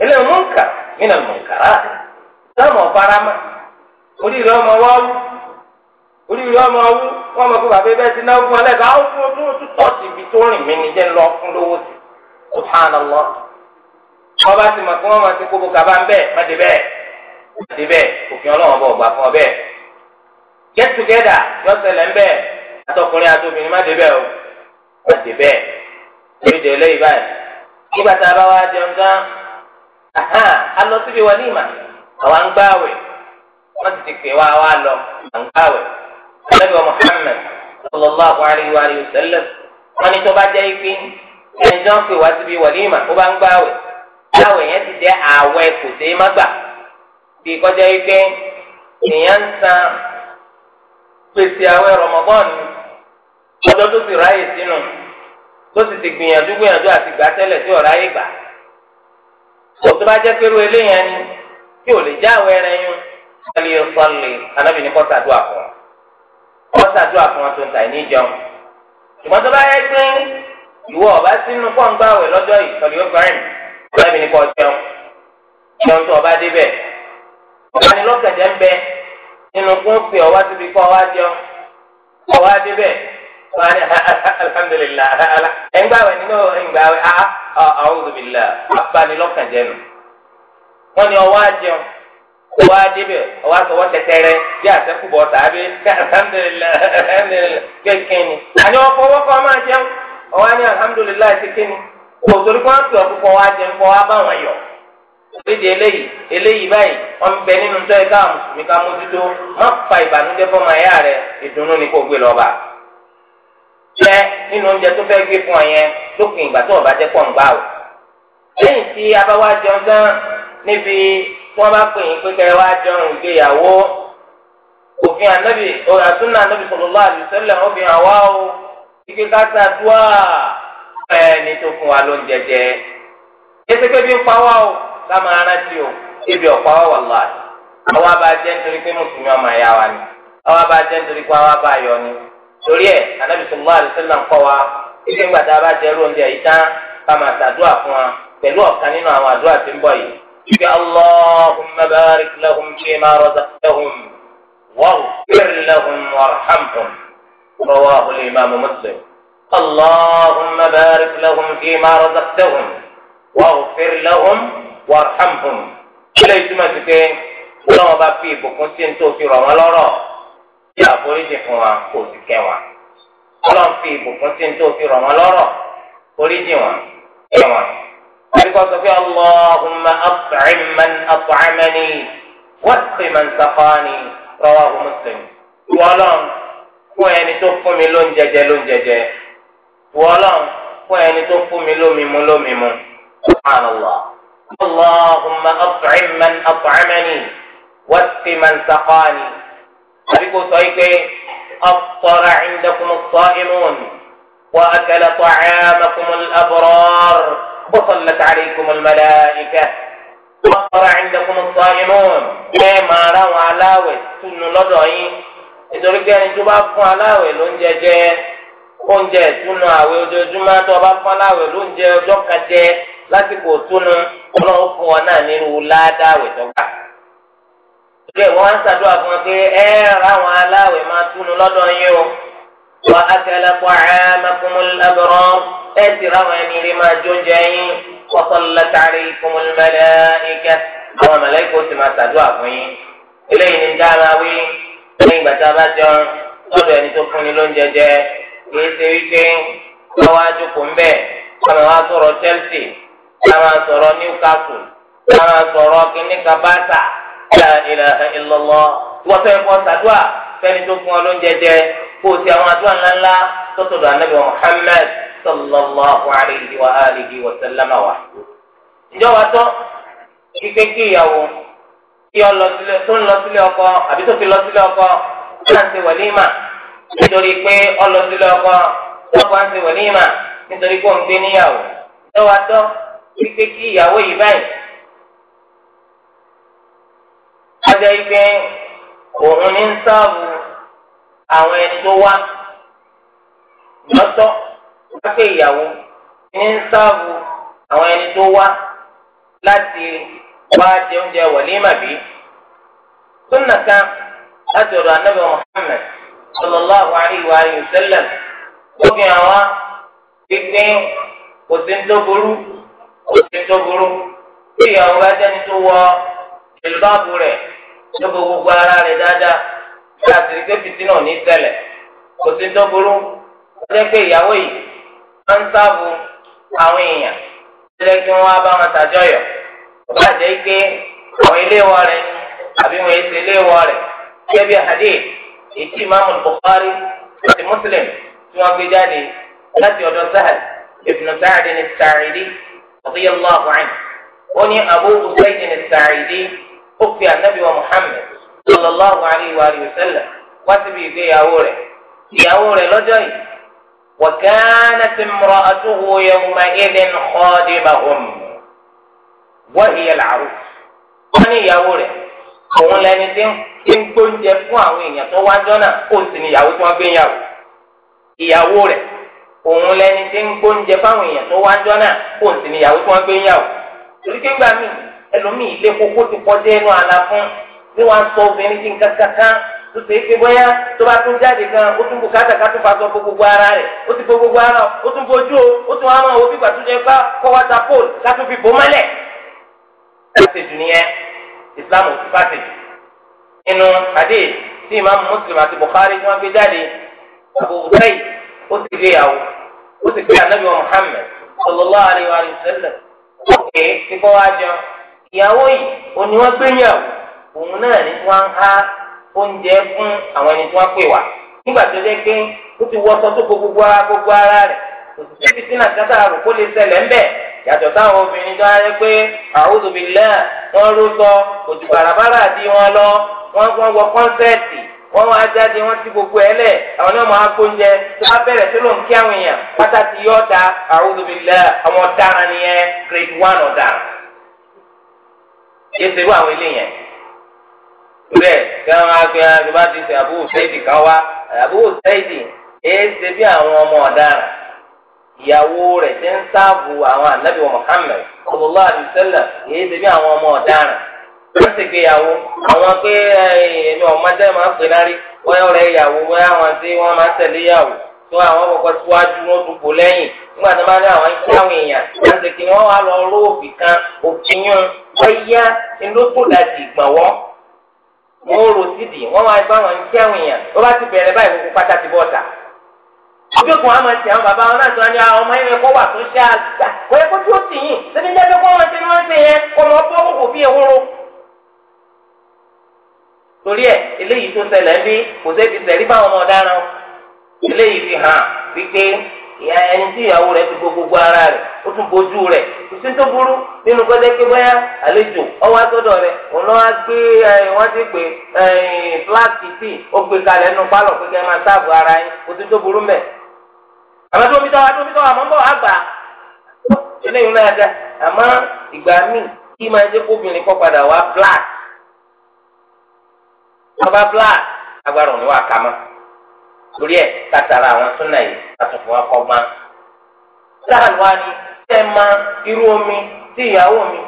ilé mọ̀nkà nínú mọ̀nkàrà sọ́mọ farama oríire ọmọ wa wú oríire ọmọ wú wọn mọ̀ pé bàbá ti fún ọ fún ibi tó rìn mí ni lọ fún lówó sí wọn bá ti pé máa ti kaba ń má má òfin fún ọ get together yọ ń atọkùnrin atọbìnrin má o má orí de báyìí nígbà tá a bá wá jẹun a lọ síbi wọn ma? ìmà àwọn ń gbáwẹ̀ wọn ti ti lọ wa Muhammad sallallahu alayhi wa sallam wọn ni tó bá jẹ́ ipe ẹni tó ń pè wá síbi wọn ní ìmà ó bá ń gbáwẹ̀ gbáwẹ̀ yẹn ti jẹ́ àwẹ̀ kò sí má gbà bí kọjá ipe èèyàn ń san pèsè àwẹ̀ Ramadan ọdọ́ tó fi ráyè sínú tó sì ti gbìyànjú gbìyànjú àti tòtò bá jẹ́ pẹ̀lú eléyàn ni tí ò lè já àwọn ẹran yín wọ́n lè sọ́ọ̀lì anábìnrin kọ́ sàdúrà fún wọn kọ́ sàdúrà fún wọn tó ń tà ní ìjọ ṣùgbọ́n tó bá yẹ pé ìwọ ọba sínú fọ́ǹgbà wẹ̀ lọ́jọ́ ìsọ̀lì obìnrin anábìnrin kọ́ jẹun jẹun tó ọba débẹ̀ ọba ni lọ́kẹ̀dẹ̀ ń bẹ nínú kún pé ọwá síbi kọ́ ọwá jẹun ọwá débẹ̀ wọn ni alhamdulilayi ẹ̀ńgbà wẹ̀ nínú ẹ̀ńgbà wẹ̀ áá àwòdùbìlà ah, abanilọ́kànjẹ́nu wọ́n ní ọwọ́ àjẹun ọwọ́ àdébẹ̀ ọwọ́ àtọwọ́ tẹtẹrẹ bí àtẹkùbọ̀ tàbí kékeré àní ọfọwọ́ kọ́ máa jẹun ọwọ́ àní alhamdulilayi kékeré kò torí kó wọn pè ọ́ púpọ̀ wá jẹun kó wá bá wọn yọ lédi eléyìí eléyìí báyìí wọn bẹ nínú tọ́ ẹ̀ká mùsùlùmí ká mójútó má fa ìbànújẹ́ fọmọ ẹ̀yà rẹ ìdùnnú ni kò gbé lọ́ba. jẹ nínú oúnjẹ tó fẹ́ gbé fún ọ yẹn lópin ìgbà tó o bá jẹ́ pọ̀ ń gbà o. lẹ́yìn tí a bá wá jẹun tán níbi tí wọ́n bá pè yín pé kẹ́ ẹ wá òfin ànábì àtúnà ànábì sallallahu alaihi wasallam àwa o ike káta ẹni tó fún wa ló ń torí ẹ̀ anábì sallallahu alaihi wasallam ń kọ́ wa ilé ìgbà tá a bá jẹ irú oúnjẹ yìí tán ká máa ṣàdúrà fún wa pẹ̀lú ọ̀kan nínú àwọn àdúrà tí ń bọ̀ yìí. ibi allahumma barik lahum fima razaqtahum waghfir lahum warhamhum rawahu al-imam muslim. اللهم بارك لهم فيما رزقتهم واغفر لهم وارحمهم. كل يسمى سكين ولا ما في بكون سنتو في رمضان tí àforíjì fún wa kò sì kẹ́ wa ọlọ́run fi ìbùkún tí ń tó fi rọ̀ wọ́n lọ́rọ̀ oríjì wọn kẹ́ wọn. àbíkọ́ sọ pé Allahumma at'im man at'amani wasqi man saqani rawahu Muslim. ìwọ ọlọ́run fún ẹni tó fún mi lóúnjẹ jẹ lóúnjẹ jẹ fún ẹni tó fún mi lómi mu lómi mu. subhanallah Allahumma at'im àbíkó sọ yìí pé ọ̀pọ̀ra ìndẹ́kùnmù sọ ìmùn wà á kẹlẹ̀ tó àyàmẹ́kùnmù abọ́rọ́r bọ́sọ̀lẹ̀ tààrí ìkùnmù mẹ́lẹ́ ìkẹ́. ọ̀pọ̀ra ìndẹ́kùnmù sọ ìmùn bẹ́ẹ̀ máa ráwọn aláwẹ̀ túnú lọ́dọ̀ tó bá fún aláwẹ̀ ló ń jẹjẹ oúnjẹ ìtúnu tó bá fún aláwẹ̀ ló ń lásìkò ìtúnu ọlọ́run fún ọ náà nínú ládàáwẹ̀ tó gbà. bẹ́ẹ̀ wọ́n á ń ṣàdúrà fún wọn pé ẹ ráwọn aláwẹ̀ máa túnu lọ́dọ̀ yín o wà á kẹlẹ́ kọ́ àmàkùnmù ẹ sì ráwọn ẹni rí máa jóúnjẹ yín wọ́pọ̀lọ́ tààrí ike àwọn mẹ̀lẹ́kọ̀ sì máa ṣàdúrà fún yín eléyìí ni dára wí lẹ́yìn ìgbà tá a bá ẹni tó fúnni lóúnjẹ jẹ kìí ṣe la ilaha illallah wọ́n fẹ́ kọ́ sàdúà fẹ́ni tó fún ọ lóúnjẹ jẹ kó o ti àwọn àdúrà ńláńlá tọ́tọ̀dọ̀ anábì muhammed sallallahu alayhi wa alihi wa sallama wa. ǹjọ́ wa tọ́ kíkẹ́ kí ìyàwó kí ọ lọ sílẹ̀ tó ń lọ sílẹ̀ ọkọ àbí tó ti lọ sílẹ̀ ọkọ ó náà ń ṣe wàlímà nítorí pé ọ lọ sílẹ̀ ọkọ ọkọ ń ṣe wàlímà nítorí pé òun gbé níyàwó ǹjọ́ wa tọ́ kíkẹ́ kí ìyàwó yìí báyìí ajá igbe òun ní ń sáàbù àwọn ẹni tó wá lọ́tọ̀ wákè ìyàwó ní ń àwọn ẹni tó wá láti wá jẹ Muhammad sallallahu alayhi wa sallam ó fi hàn kò sí tó burú kò sí níbo gbogbo ara rẹ̀ dáadáa kí àtìrí pé fìtínà ní tẹ́lẹ̀ kò sí tó burú ọjọ́ pé ìyàwó yìí máa ń sáàbù àwọn èèyàn tẹ́lẹ̀ kí wọ́n á bá wọn tàjọyọ̀ ọba jẹ́ pé àwọn ilé wọn àbí wọn èsì ilé wọn Muslim tí wọ́n gbé jáde láti ọ̀dọ̀ Sahal ibn ní Abu ní ó fi ànábì wa Muhammad sallallahu alayhi wa sallam wá síbi ìgbéyàwó rẹ̀ ìyàwó rẹ̀ lọ́jọ́ yìí wa kanat imra'atuhu yawma'idhin khadimahum wa hiya al-'arus wọ́n ní ìyàwó rẹ̀ òun lẹni tí ń gbóúnjẹ fún àwọn èèyàn tó wájọ́ náà ó sì ní ìyàwó tí wọ́n gbé yàwó ìyàwó rẹ̀ òun lẹni tí ń gbóúnjẹ fáwọn èèyàn tó wájọ́ náà ó sì ní ìyàwó tí wọ́n gbé yàwó torí kéńgbà míì ẹlòmíì ilé kókó ti kọjá ẹnu àlà fún bí wọ́n sọ obìnrin ti ń kankan tó ṣe é pé bóyá tó bá tún jáde gan ó tún bùkátà ká tún fa sọ gbogbo ara rẹ̀ ó ti gbogbo ara ó tún bójú o ó tún wá máa wo bí gbàtú jẹ pé kọ́ wáta pole ká tún fi bò mọ́lẹ̀. pàṣẹjù nìyẹn Islam ò ti pàṣẹjù inú hadith tí Imam Muslim àti Bukhari tí wọ́n gbé jáde ọ̀bọ̀ òṣèyí ó ti gbé yàwó ó ti gbé anabi wa Muhammad sallallahu alayhi wa sallam ó kéé kíkọ́ wá ìyàwó yìí òní wọn gbé yàn òun náà ní tí wọn há oúnjẹ fún àwọn ẹni tí wọn pè wá nígbà tó dé pé ó ti wọṣọ tó gbogbo ara gbogbo ara rẹ̀ òṣìṣẹ́ fi sínú àtàtà rò kó lè ṣẹlẹ̀ ńbẹ̀ yàtọ̀ táwọn obìnrin tó ayé pé a'udhu billah wọn ló sọ òtù bàràbàrà àti wọn lọ wọn wọ kọ́nsẹ́ẹ̀tì wọn wá jáde wọn ti gbogbo ẹ lẹ àwọn náà máa gbóúnjẹ tó bá bẹ̀rẹ̀ tó ló ń kí àwọn èèyàn pátá ti yọ ọ̀dà a'udhu billah àwọn ọ̀daràn nìyẹn grade one ọ̀daràn. yéé ṣerú àwọn eléyẹn bẹ́ẹ̀ kí wọn ebe gbé ẹni bá ti ṣe àbúrò sẹẹdì kan wá àbúrò sẹẹdì yéé bí àwọn ọmọ ọdaràn. ìyàwó rẹ̀ ti ń sáàbù àwọn wa Muhammad sallallahu alaihi wasallam yéé bí àwọn ọmọ ti gbéyàwó àwọn pé máa pè lárí ìyàwó tí máa tó àwọn síwájú nígbà tó máa ní àwọn ìsáwọn èèyàn àtẹ̀kì wọn wá lọ ró òfin kan òfin yún bẹ́yà ńlọ́tòdàjì ìgbọ̀nwọ́ wọn ò rò sídìí wọn wá bá àwọn ìsáwọn èèyàn tó bá ti bẹ̀rẹ̀ báyìí gbogbo pátá ti bọ́ta ojú kan ti àwọn bàbá wọn náà tó ní àwọn ọmọ yẹn kó wà tó ṣe àgbà kò kó tó síbi kó wọ́n wọ́n ṣe yẹn kó lọ bí ehoro. torí ìyá ẹni tí ìyàwó rẹ ti gbogbo ara rẹ̀ ó tún bójú rẹ̀ kùsí tó burú nínú gbọ́dọ̀ pé àlejò ọwọ́ àtọ́dọ̀ rẹ̀ òun náà gbé wọ́n ti pè fúláàtì tí ó gbé kalẹ̀ nínú pálọ̀ pé kẹ́ máa sáàbù ara yín kùsí tó burú mẹ́. àmọ́ tó omi tọ́wọ́ tó omi tọ́wọ́ àmọ́ ń bọ̀ àgbà eléyìí náà dá àmọ́ ìgbà míì kí máa jẹ́ kóbìnrin kọ́ padà wá ọba agbára òun ni kà torí ẹ̀ kátàrà àwọn súnà yìí àtúnfún akọ́gbá. sáàlù wa ni tẹ́ ma irú omi sí ìyàwó mi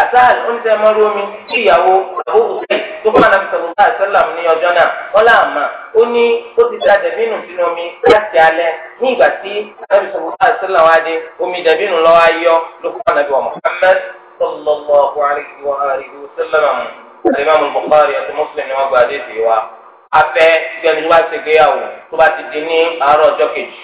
àsáàlù ó ń tẹ́ mọ́ irú omi sí ìyàwó àbó òsèlè tó fún anabi sọ̀rọ̀ bá àṣẹlám ní ọjọ́ náà wọ́n là mà ó ní ó ti da dẹ̀bínú sínú omi láti alẹ́ ní ìgbà tí anabi sọ̀rọ̀ bá àṣẹlám wa dé omi dẹ̀bínú lọ́wọ́ ayọ́ ló fún anabi wa Muhammad sallallahu alayhi wa alihi wa sallam alimami Bukhari àti Muslim ni wọ́n afẹ́ gbẹ̀mí tó bá ti gbéyàwó tó bá ti di ní àárọ̀ ọjọ́ kejì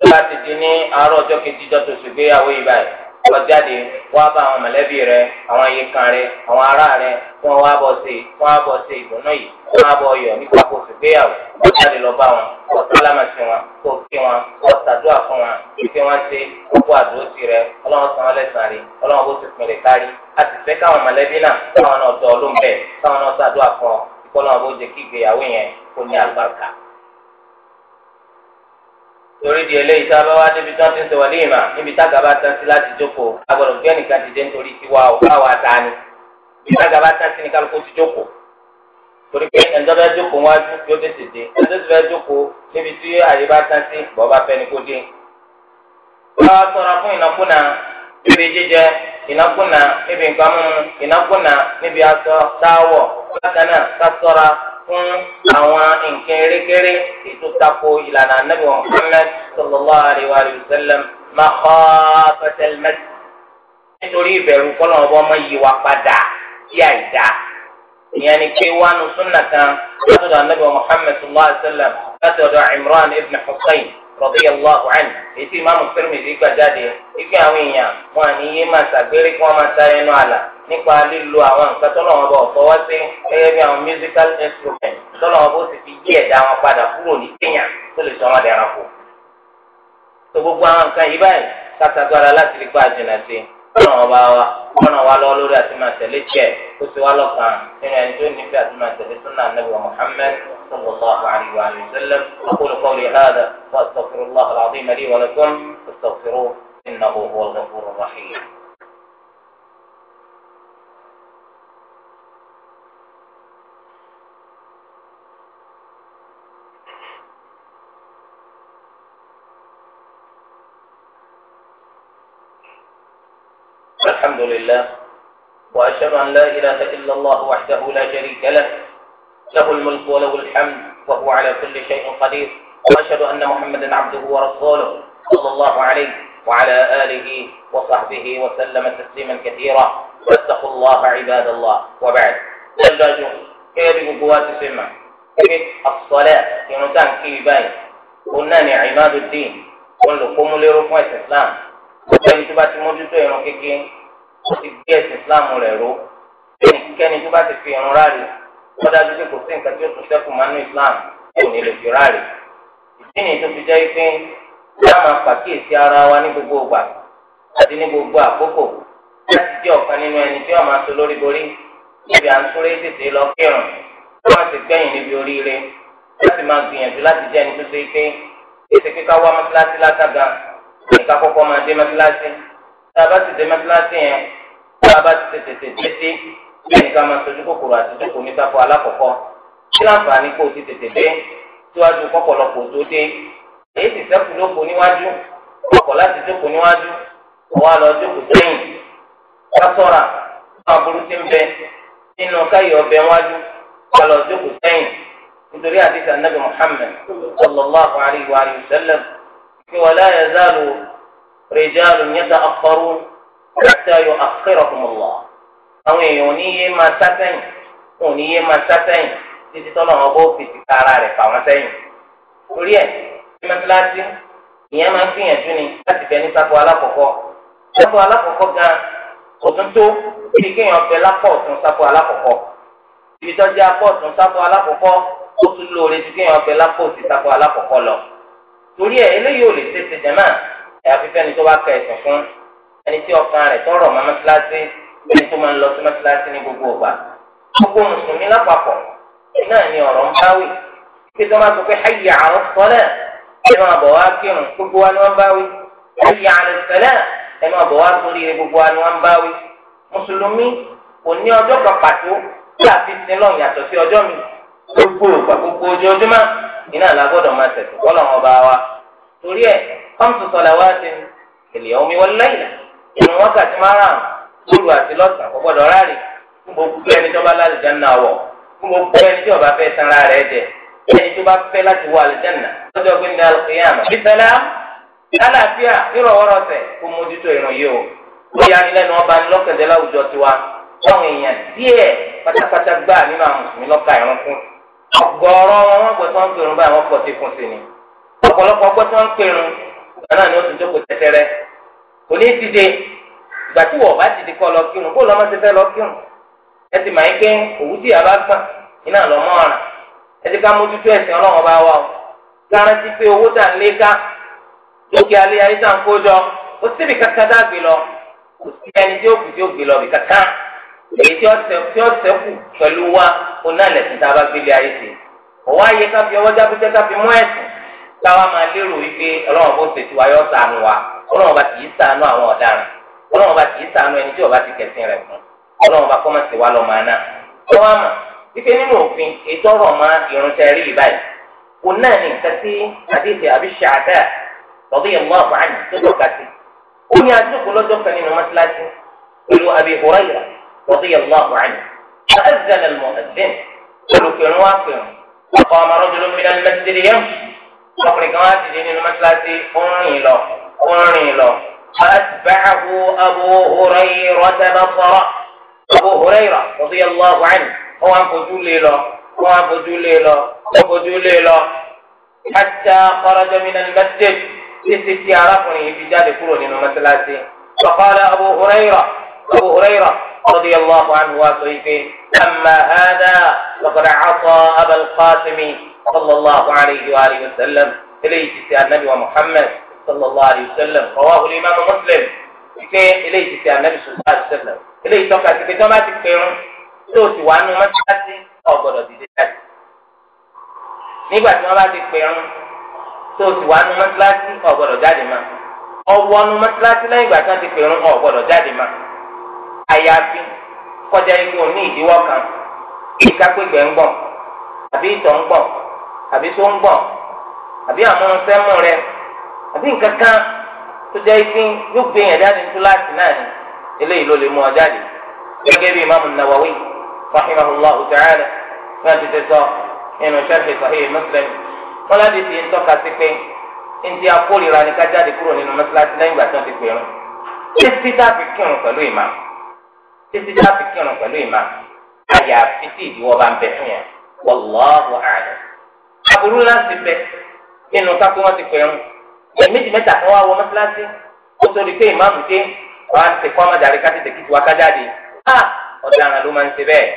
tó bá ti di ní àárọ̀ ọjọ́ kejì jọ́ tó sì gbéyàwó yìí báyìí lọ jáde wá bá àwọn mọ̀lẹ́bí rẹ àwọn ayékan rẹ àwọn ará rẹ kí wọ́n wá bọ̀ sí i kí wọ́n wá bọ̀ sí ìbùnú yìí kí wọ́n wá bọ̀ yọ̀ nípa kó sì gbéyàwó lọ jáde lọ bá wọn kó sálámà sí wọn kó kí wọn kó ṣàdúrà fún wọn kí wọ́n ṣe gbogbo àdúró sí rẹ ọlọ́run san ọlẹ́sàn rí ọlọ́run bó ti pinnu kárí a fẹ́ káwọn mọ̀lẹ́bí náà káwọn náà tọ́ ọlọ́mbẹ káwọn náà ṣàdúrà fún ọ kọ́nà àbó jẹ́ kí ìgbéyàwó yẹn kó ní àlùbáríkà. torí di eléyìí tá a bá wá débi tó ń wọlé láti jókòó agbọ̀dọ̀ ti dé nítorí tiwa o ta ni níbi tága bá tán sí ní kálukú ti jókòó torí pé ẹ̀ńtọ́ bá jókòó wájú yóò tètè dé ẹ̀ńtọ́ ti bá jókòó níbi tí bá tán sí bákan náà ká ṣọ́ra fún àwọn nǹkan erékeré ètò tako ìlànà anábì Muhammad sallallahu alayhi wa sallam makhafata al-madd nítorí ìbẹ̀rù kọ́nà ọba ọmọ yìí wá padà sí àìdá ìyẹn ni pé wánu súnà kan látọ̀dọ̀ anábì Muhammad sallallahu alayhi wa sallam látọ̀dọ̀ Imran ibn Husayn radiyallahu anhu ètí ìmáàmù Tirmidhi gbàjáde ikú àwọn èèyàn wọn àníyé máa ṣàgbére kí wọ́n máa sáré nù àlà nípa lílo àwọn nǹkan tó lọ́wọ́ bọ̀ fọwọ́ sí gẹ́gẹ́ bí àwọn musical instrument tó lọ́wọ́ bó ti fi yí ẹ̀dá wọn padà kúrò ní kéèyàn tó lè sọ wọn dẹranko. tó gbogbo àwọn nǹkan yìí báyìí kátàgbára láti rí pa àjìnà sí ọ̀nà wa wa ọ̀nà wa lọ lórí àti máa tẹ̀lé tiẹ̀ ó ti wá lọ́kàn nínú ẹni tó nífẹ̀ẹ́ àti máa tẹ̀lé súnà nàbì wa Muhammad صلى الله عليه وآله وسلم أقول قولي هذا وأستغفر الله العظيم لي ولكم فاستغفروه إنه هو الغفور الرحيم لله وأشهد أن لا إله إلا الله وحده لا شريك له له الملك وله الحمد وهو على كل شيء قدير وأشهد أن محمدا عبده ورسوله صلى الله عليه وعلى آله وصحبه وسلم تسليما كثيرا واتقوا الله عباد الله وبعد تلاجوا كيف قوات سمة الصلاة ينتان في باي قلنا عماد الدين قل لكم لركوة الإسلام وكيف تبات موجود يوم كيكين ó ti gbé ẹ̀sìn islam rẹ̀ ró ẹnikẹ́ni tó bá ti fi irun ráàlì wọ́n dájú pé kò sí nǹkan tí ó tún sẹ́kù mánú islam tí ò ní lè fi ráàlì ìdí nìyí tó fi jẹ́ pé kí a máa pàkíyèsí ara wa ní gbogbo ìgbà àti ní gbogbo àkókò láti jẹ́ ọ̀kan nínú ẹni tí wọ́n máa so lórí borí níbi à ń súré tètè lọ kírun tí wọ́n ti gbẹ̀yìn níbi oríire láti máa gbìyànjú láti jẹ́ ẹni tó ṣe pé ètè kíkà wá mọ́tíláṣí látàgà ìka kọ́kọ́ máa dé mọ́tíláṣí tá a bá ti dé mẹsàlásì yẹn tá a bá ti tètè tètè bẹ́ẹ̀ ká máa sojú kòkòrò àti jókòó ní sáfọ alákọ̀ọ́kọ́ kí láǹfààní kó o ti tètè dé síwájú kọ́pọ̀lọpọ̀ tó dé èyí ti sẹ́kù lóko níwájú ọkọ̀ láti jókòó níwájú ọwọ́ àlọ́ jókòó sẹ́yìn kásọ̀ra fún aburú tí ń bẹ nínú káyì ọbẹ̀ wájú ọlọ́ jókòó sẹ́yìn nítorí àdìsá nàbì Muhammad sallallahu alayhi wa sallam kí wala yazalu رجال يتأخرون حتى يؤخرهم الله àwọn èèyàn ní yé máa sá sẹ́yìn wọn ní yé máa sá sẹ́yìn títí tọ́lọ́ wọn bó fi ti kára rẹ̀ fà wọ́n sẹ́yìn. torí ẹ̀ ní mẹ́tíláṣí ìyẹn máa ń gbìyànjú ni láti bẹ ní sáfù alákọ̀ọ́kọ́ sáfù alákọ̀ọ́kọ́ gan ọ̀tún tó bí kéèyàn bẹ lápọ̀ ọ̀tún sáfù alákọ̀ọ́kọ́ ibi tó jẹ́ apọ̀ ọ̀tún sáfù alákọ̀ọ́kọ́ ó tún lóore ju kéèyàn bẹ lápọ̀ òsì sáfù alákọ̀ọ́kọ́ lọ. torí ẹ̀ eléyìí ò lè ṣe ṣe jẹ́ náà àyàfi fẹ́ni tó bá ka ẹ̀sìn fún ẹni tí ọkàn rẹ̀ tọrọ mọ́ mọ́sálásí ẹni tó máa ń lọ sí mọ́sálásí ní gbogbo ọgbà gbogbo mùsùlùmí lápapọ̀ náà ni ọ̀rọ̀ ń báwì pé tó máa sọ pé hayya ala salat ẹ máa bọ̀ wá kírun gbogbo wa ni wọ́n báwì hayya ala salat ẹ máa bọ̀ wá sórí gbogbo wa ni wọ́n báwì mùsùlùmí kò ní ọjọ́ kan pàtó tí a fi sin lọ yàtọ̀ sí ọjọ́ mi gbogbo khamsu salawatin fil yawmi wal layla inú wákàtí márùn lóru àti lọ́sàn kò gbọ́dọ̀ ráre gbogbo ẹni tó bá gbogbo ẹni tí ó bá fẹ́ jẹ ẹni tó bá fẹ́ láti wọ àlùjáná lọ́jọ́ gbé ní alùpùpù bísẹ́lá lálàáfíà nírọ̀wọ́rọ̀sẹ̀ o ó díẹ̀ náà ni ó ti jókòó tẹ́tẹ́rẹ́ kò ní ti dé ìgbà tí wọ́n bá ti di kọ́ lọ kírun kó lọ́mọ ti fẹ́ lọ kírun ẹ ti máa ń pé òwú tí yàrá gbà iná lọ mọ́ ọ̀ràn ẹ ti ká mójútó ẹ̀sìn ọlọ́run bá wà o garanti pé owó tà ń lé ká lókè alẹ́ ayé tà ń kó jọ ó síbi kankan dàgbé lọ kò sí ẹni tí ó kù tí ó gbé lọ bì kankan èyí tí ó sẹ́kù pẹ̀lú wa ó náà lẹ̀sìn tá a bá gbélé ayé sí ọ̀wá ayé ká fi ọwọ́ jábújẹ́ ká fi mú ẹ̀sìn táwa máa lérò wípé ọlọ́run bó fèsì wa yọ sànù wa ọlọ́run bá kì í sànù àwọn ọ̀daràn ọlọ́run bá kì í sànù ẹni tí ọba ti kẹ̀sìn rẹ̀ fún ọlọ́run bá kọ́mọ̀ sí wa lọ́ máa ná. wọ́n á mọ̀ wípé nínú òfin ètò ọ̀rọ̀ máa irunṣẹ́ rí ìbáyìí kò náà ní nǹkan tí àdéhùn àbí ṣàdá lọ́dún yẹn mú àbọ̀ àyè tó tọ́ka sí. ó ní adúgbò lọ́jọ́ kan nínú mọ́ṣáláṣí pẹ̀lú Abi Hurayra lọ́dún yẹn mú àbọ̀ àyè. المؤذن قالوا كنوا كنوا رجل من المسجد يمشي ọkùnrin kan wá dìde nínú mọ́ṣáláṣí ó ń lọ ó lọ. فأتبعه أبو هريرة بصرة أبو هريرة رضي الله عنه هو أبو جليلة له هو أن فجولي له هو حتى خرج من المسجد لست يعرفني في جاد كله من فقال أبو هريرة أبو هريرة رضي الله عنه وصيفه أما هذا فقد عصى أبا القاسم sallallahu alayhi wa sallam eléyìí ti ṣe anabi wa muhammed sallallahu alayhi wa sallam ọwọ́ àwọn imaamu muslim wípé eléyìí ti ṣe anabi sallallahu alayhi wa sallam eléyìí tọ́ka sí pé tọ́ba ti pẹ̀rún tí o ti wà nù mọ́tíláṣí ọ̀gbọ̀dọ̀ dìde jáde nígbà tí wọ́n bá ti pẹ̀rún tí o ti wà nù mọ́tíláṣí ọ̀gbọ̀dọ̀ jáde má ọwọ́ nù mọ́tíláṣí lẹ́yìn ìgbà tí wọ́n ti pẹ̀rún ọ̀gbọ̀dọ̀ jáde má àyàfi kọjá ikú ní ìdíwọ́ kan ìkápẹ́gbẹ́ ń gbọ̀n àbí ìtọ̀ ń gbọ̀n àbí tó ń bọ̀ àbí àmúnsẹ́mú rẹ àbí nǹkan kan tó jẹ́ ìpín yóò gbé yẹn jáde tó láti náà ni eléyìí ló lè mú ọ jáde gẹ́gẹ́ bí imaamu nawawi rahimahullah ta'ala náà ti ti sọ nínú sharh sahih muslim wọn láti fi ń tọ́ka sí pé ntí akórira ni ká jáde kúrò nínú mọ́sálásí lẹ́yìn ìgbà ti pè wọn títí dáàbì kírun pẹ̀lú ìmá títí kírun pẹ̀lú ìmá aburú láti bẹ nínú kápẹ́ wọn ti pẹ̀rù ẹ̀ méjì mẹ́ta kan wá wọ mọ́sálásí ó sọ di pé ìmáàmù dé wàá ti kọ́ ọmọ dàrí káti tẹ̀kí tiwa kájáde á ọ̀daràn ló máa ń ṣe bẹ́ẹ̀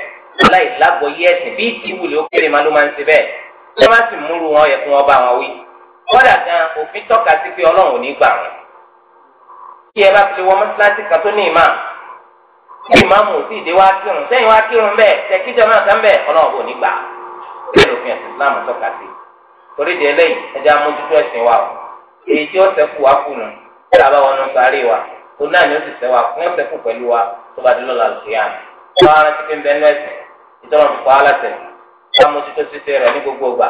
aláìlágbọ̀ yí ẹ̀sìn bí ìtì wùlé ó kéré máa ló máa ń ṣe bẹ́ẹ̀ ṣé má sì múru wọn yẹ fún wọn bá wí kọ́dà gan òfin tọ́ka sí pé ọlọ́run ò ní gbà wọn kí ẹ bá fi wọ mọ́sálásí kan tó ní ìmáàmù kí ìmáàmù ò sì dé wá kírun sẹ́yìn wá kírun bẹ́ẹ̀ tẹ̀kíjọ́ náà kí ló fi islam tọ́ka sí torí di eléyìí ẹja mójútó ẹ̀sìn wa o èyí tí ó ṣẹ́kù wá kù nù tí a bá wọnú sáré wa tó náà ni ó sì sẹ́ wa fún ó ṣẹ́kù pẹ̀lú wa tó bá dúró lálùkù yá mi wọ́n á rántí pé ń bẹ nú ẹ̀sìn ìtọ́nà fi pa á láṣẹ ká mójútó títí rẹ̀ ní gbogbo ìgbà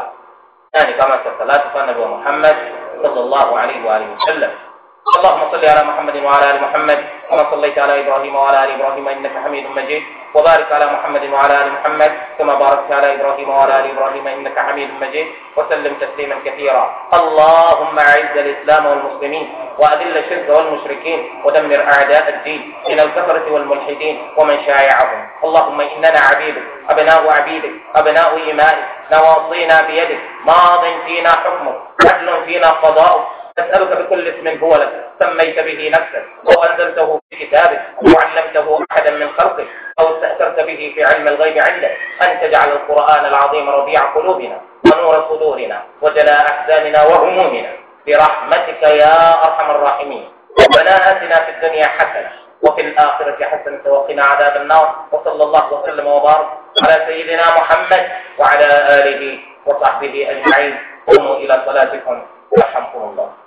náà ní ká máa sọ̀tà láti fún anabi muhammad sallallahu alayhi wa sallam allahumma salli ala muhammadin wa ala ali muhammad كما صليت على إبراهيم وعلى آل إبراهيم إنك حميد مجيد وبارك على محمد وعلى آل محمد كما باركت على إبراهيم وعلى آل إبراهيم إنك حميد مجيد وسلم تسليما كثيرا اللهم أعز الإسلام والمسلمين وأذل الشرك والمشركين ودمر أعداء الدين من الكفرة والملحدين ومن شايعهم اللهم إننا عبيدك أبناء عبيدك أبناء إيمانك نواصينا بيدك ماض فينا حكمك عدل فينا قضاؤك أسألك بكل اسم هو لك سميت به نفسك أو أنزلته في كتابك أو علمته أحدا من خلقك أو استأثرت به في علم الغيب عندك أن تجعل القرآن العظيم ربيع قلوبنا ونور صدورنا وجلاء أحزاننا وهمومنا برحمتك يا أرحم الراحمين ربنا آتنا في الدنيا حسنة وفي الآخرة حسنة وقنا عذاب النار وصلى الله وسلم وبارك على سيدنا محمد وعلى آله وصحبه أجمعين قوموا إلى صلاتكم رحمكم الله